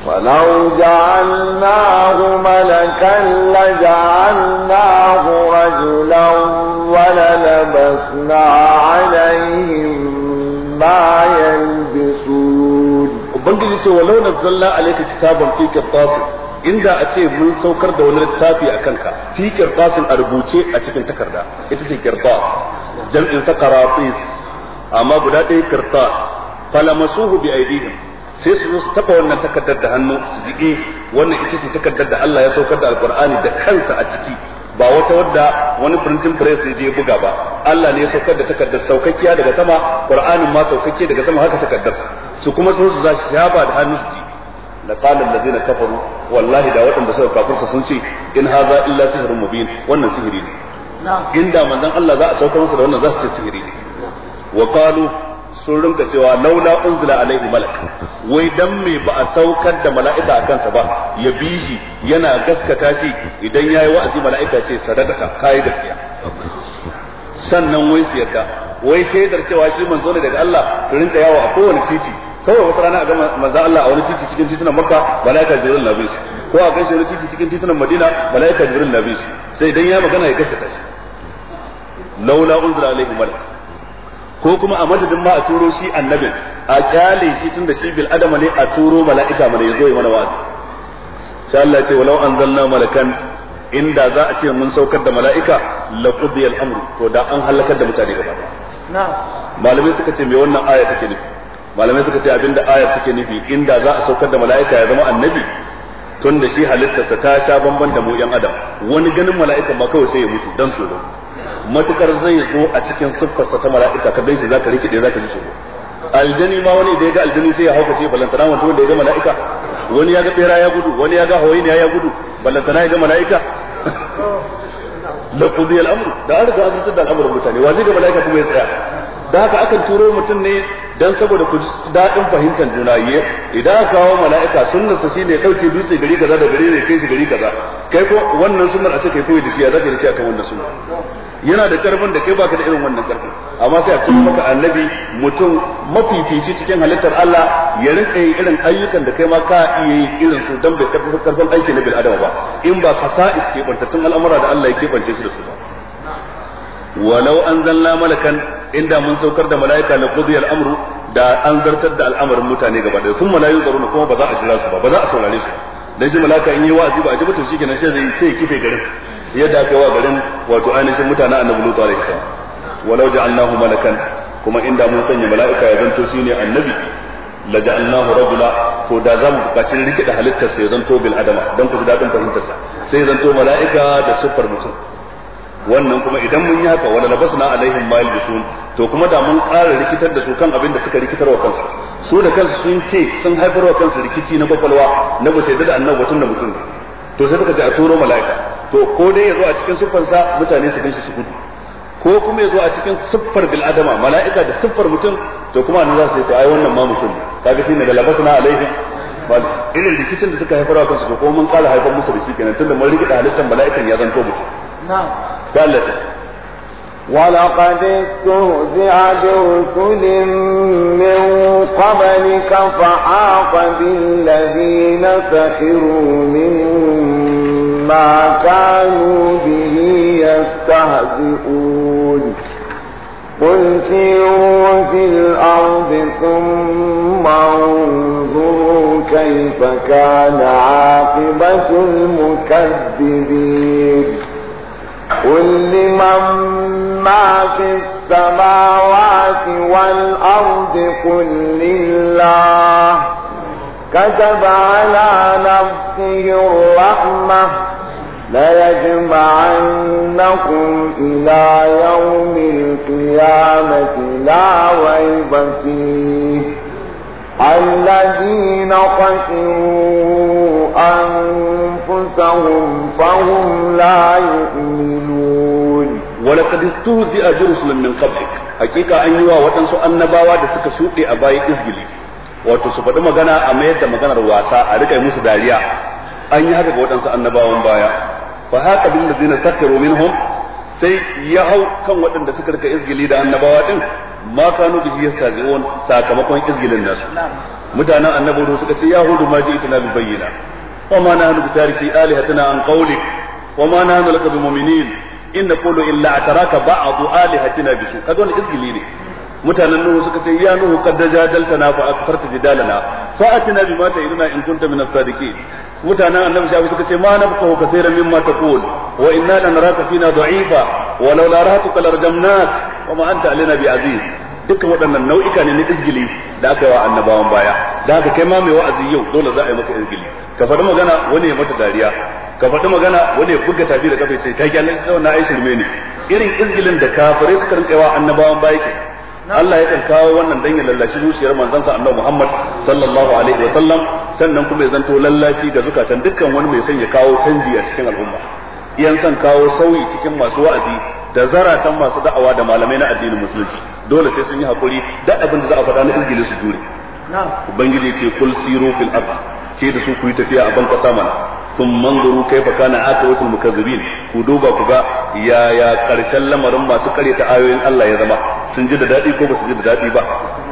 ولو جعلناه ملكا لجعلناه رجلا وللبسنا عليهم ما يلبسون وبنجلس ولو نزلنا عليك كتابا في قرطاس inda a ce mun saukar da wani littafi a kanka fi kirtasin a rubuce a cikin takarda ita ce kirta jam'in ta qaratis amma guda ɗaya Fala falamasuhu bi aidihim sai su zo su taba wannan takardar da hannu su ji eh, wannan ita ce takardar da Allah ya saukar da alqur'ani da kansa a ciki ba wata wadda wani printing press ne je buga ba Allah ne ya saukar da takardar saukakkiya daga sama Qur'anin ma saukakke daga sama haka takardar su kuma sun su za su shaba da hannu su la qala allazina kafaru wallahi da waɗanda suka kafirta sun ce in haza illa sihrun mubin wannan sihiri ne inda manzon Allah za a saukar masa da wannan za su sihiri ne wa sun rinka cewa laula unzula alaihi malak wai dan me ba a saukar da mala'ika a kansa ba ya bi shi yana gaskata shi idan yayi wa'azi mala'ika ce sadaqata kai gaskiya sannan wai su yarda wai shaidar cewa shi manzo ne daga Allah su rinka yawa a kowane titi kawai wata rana a ga manzon Allah a wani titi cikin titunan Makka malaika Jibril na bisu ko a kai shi wani titi cikin titunan Madina malaika Jibril na bisu sai idan ya magana ya kashe shi laula unzila alaihi malak ko kuma a madadin ma a turo shi annabin a kyale shi tun da shi bil adama ne a turo mala'ika mana yazo ya mana wa'azi sai Allah ya ce walau anzalna malakan inda za a ce mun saukar da mala'ika la qudiyal amru ko da an halakar da mutane gaba ɗaya malamai suka ce me wannan aya take nufi malamai suka ce abinda ayar suke nufi inda za a saukar da mala'ika ya zama annabi tun da shi halittarsa ta sha bamban da mu yan adam wani ganin mala'ika ba kawai sai ya mutu dan tsoro matukar zai zo a cikin siffarsa ta mala'ika ka shi zaka rikide zaka ji tsoro aljani ma wani da ya ga aljani sai ya hauka ce ballantana wanda wanda ya ga mala'ika wani ya ga bera ya gudu wani ya ga hawaii ne ya gudu ballantana ya ga mala'ika da (laughs) kudi al'amru da an riga an mutane wa zai ga mala'ika kuma ya tsaya da haka akan turo mutum ne dan saboda ku daɗin fahimtar juna yi idan aka kawo mala'ika su shine dauke dutse gari kaza da gari ne kai shi gari kaza kai ko wannan sunnar a ce kai koyi da shi ya zaka da shi akan wannan sunna yana da karfin da kai baka da irin wannan karfin amma sai a ce maka annabi mutum mafifici cikin halittar Allah ya rinka yin irin ayyukan da kai ma ka iya yin irin su dan bai karfin karfin aiki na bil adama ba in ba fasa'is ke bantattun al'amura da Allah ya bance su da su ba walau anzalna malakan inda mun saukar da mala'ika na qudiyal al'amru da an zartar da al'amarin mutane gaba ɗaya sun malayu tsaro kuma ba za a jira su ba ba za a saurare su dan shi mala'ika in yi wa'azi ba a ji ba to shikenan sai zai sai kife garin yadda aka yi wa garin wato ainihin mutanen annabi lutu alaihi salam walau ja'alnahu malakan kuma inda mun sanya mala'ika ya zanto shi ne annabi la ja'alnahu rajula to da za mu bukaci rike da halittarsa ya zanto bil adama don ku ji dadin fahimtarsa sai ya zanto mala'ika da siffar mutum wannan kuma idan mun yaka wala labasna alaihim ma yalbisun to kuma da mun ƙara rikitar da su kan abin da suka rikitar wa kansu su da kansu sun ce sun haifar wa kansu rikici na kwakwalwa na ba sai da annabi batun da mutum to sai suka ce a turo mala'ika to ko dai ya zo a cikin siffarsa mutane su ganshi su gudu ko kuma ya zo a cikin siffar bil'adama mala'ika da siffar mutum to kuma annabi za su ce to ai wannan ma mutum kaga shine da labasna alaihim irin rikicin da suka haifar wa kansu to kuma mun ƙara haifar musu da shi kenan tunda mun rikida halittar mala'ikan ya zanto mutum na'am ثالثا ولقد استهزع برسل من قبلك فحاق بالذين سخروا منهم ما كانوا به يستهزئون قل سيروا في الأرض ثم انظروا كيف كان عاقبة المكذبين قل لمن ما في السماوات والأرض قل لله كتب على نفسه الرحمة ليجمعنكم إلى يوم القيامة لا ريب فيه الذين خسروا أنفسهم فهم لا يؤمنون ولقد استهزئ برسل من قبلك حقيقة أن يوا وتنسو النباوة دسك شوقي أباي إزجلي wato su faɗi magana a mayar da maganar wasa a rika musu dariya an yi haka ga waɗansu annabawan baya fa haka bin ladina sakaru minhum sai ya hau kan waɗanda suka rika izgili da annabawa din ma kanu bihi yastazi'un sakamakon izgilin nasu mutanen annabawa suka ce yahudu ma ji na bi bayyina وما نحن بتاركي آلهتنا عن قولك وما نحن لك بمؤمنين in naqulu illa ataraka ba'du alihatina bisu kaga wannan izgili ne mutanen nuhu suka ce ya nuhu kad dajadaltana fa akfarta jidalana fa atina bima ta'iduna in kunta min as-sadiqin mutanen annabi shafi suka ce ma nafqahu kathiran mimma taqul wa inna lanaraka fina da'ifa wa law la rahatuka larjamnak wa ma anta alaina bi aziz dukkan waɗannan nau'ika ne na izgili da aka yi wa annabawan baya da haka kai ma mai wa'azi yau dole za a yi maka izgili ka faɗi magana wani ya mata dariya ka faɗi magana wani ya buga tafi da kafa ce ta gyalle shi tsawon na ai shirme ne irin izgilin da kafirai suka rinka wa annabawan baya ke Allah yakan kawo wannan dan ya lallashi zuciyar sa Annabi Muhammad sallallahu alaihi wa sallam sannan kuma ya zanto lallashi ga zukatan dukkan wani mai son ya kawo canji a cikin al'umma yan san kawo sauyi cikin masu wa'azi da zaratan masu da'awa da malamai na addinin musulunci dole sai sun yi hakuri da abin da za a faɗa na izgili su jure ubangiji ce kul siru fil ard ce da su ku yi tafiya a banka kasa mana sun manzuru kai fa kana aqwatul mukazzibin ku duba ku ga yaya karshen lamarin masu ta ayoyin Allah ya zama sun ji da dadi ko ba su ji da dadi ba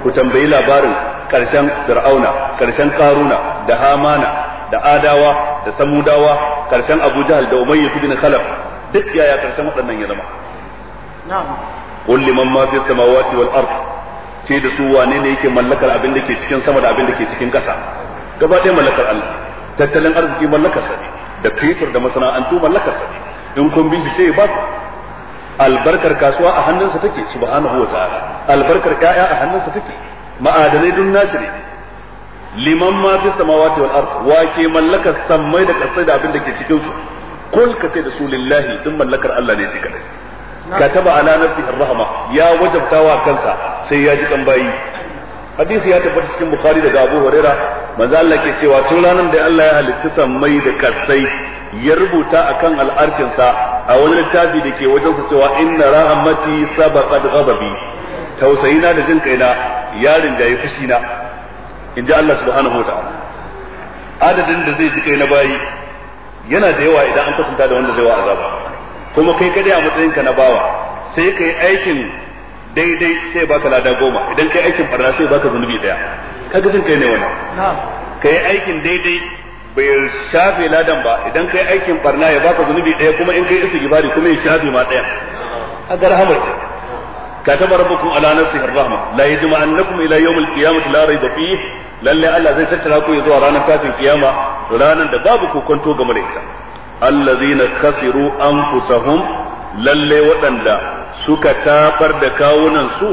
ku tambayi labarin karshen fir'auna karshen karuna da hamana da adawa da samudawa karshen abu jahal da umayyah ibn khalaf duk yaya karshen waɗannan ya zama na'am qul liman ma fi samawati wal ard ce da su wane ne yake mallakar abin da ke cikin sama da abin da ke cikin ƙasa gaba ɗaya mallakar Allah tattalin arziki mallakar sa ne da creator da masana'antu mallakar sa ne in kun bi shi sai ba albarkar kasuwa a hannunsa take subhanahu wataala albarkar ƴaƴa a hannunsa take ma'adanai dun nashi ne liman ma fi samawati wal ard wa ke mallakar sammai da ƙasai da abin da ke cikin su kul ka sai da su lillahi duk mallakar Allah ne shi kadai kataba ala nafsihi rahma ya wajabtawa wa kansa sai ya ji kan bayi hadisi ya tabbata cikin bukhari daga abu huraira manzo Allah ke cewa tun ranar da Allah ya halicci sammai da kasai ya rubuta akan al'arshin sa a wani littafi da ke wajen sa cewa inna rahmati sabaqat ghadabi tausayina da jin kaina ya rinjaye fushi na inji Allah subhanahu wataala adadin da zai ji kai na bayi yana da yawa idan an kasanta da wanda zai wa azaba kuma kai kadai a matsayin ka na bawa sai kai aikin daidai sai baka lada goma idan kai aikin barna sai baka zunubi daya kaga sun kai ne wannan kai aikin daidai bai shafe ladan ba idan kai aikin barna ya baka zunubi daya kuma in kai istighfari kuma ya shafe ma daya ka a kaga rahamar كتب ربكم على نفسه الرحمة لا يجمعنكم إلى يوم القيامة لا ريب فيه لن الله زي تتلاكو يزوى رانا كاسي القيامة رانا دبابكو كنتو قملئتا allazina khasiru anfusahum lalle waɗanda suka tafar da kawunan su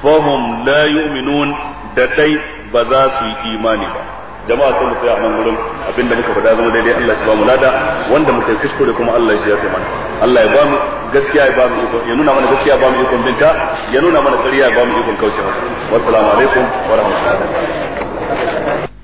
fahum la yu'minun da dai ba za su yi imani ba jama'a sai mu a nan gurin abinda muka faɗa zama daidai Allah shi ba mu lada wanda muka yi kuskure kuma Allah shi ya sai mana Allah ya ba mu gaskiya ya ba mu iko ya nuna mana gaskiya ba mu iko binta ya nuna mana ƙarya ya ba mu iko kaucewa wassalamu alaikum wa rahmatullahi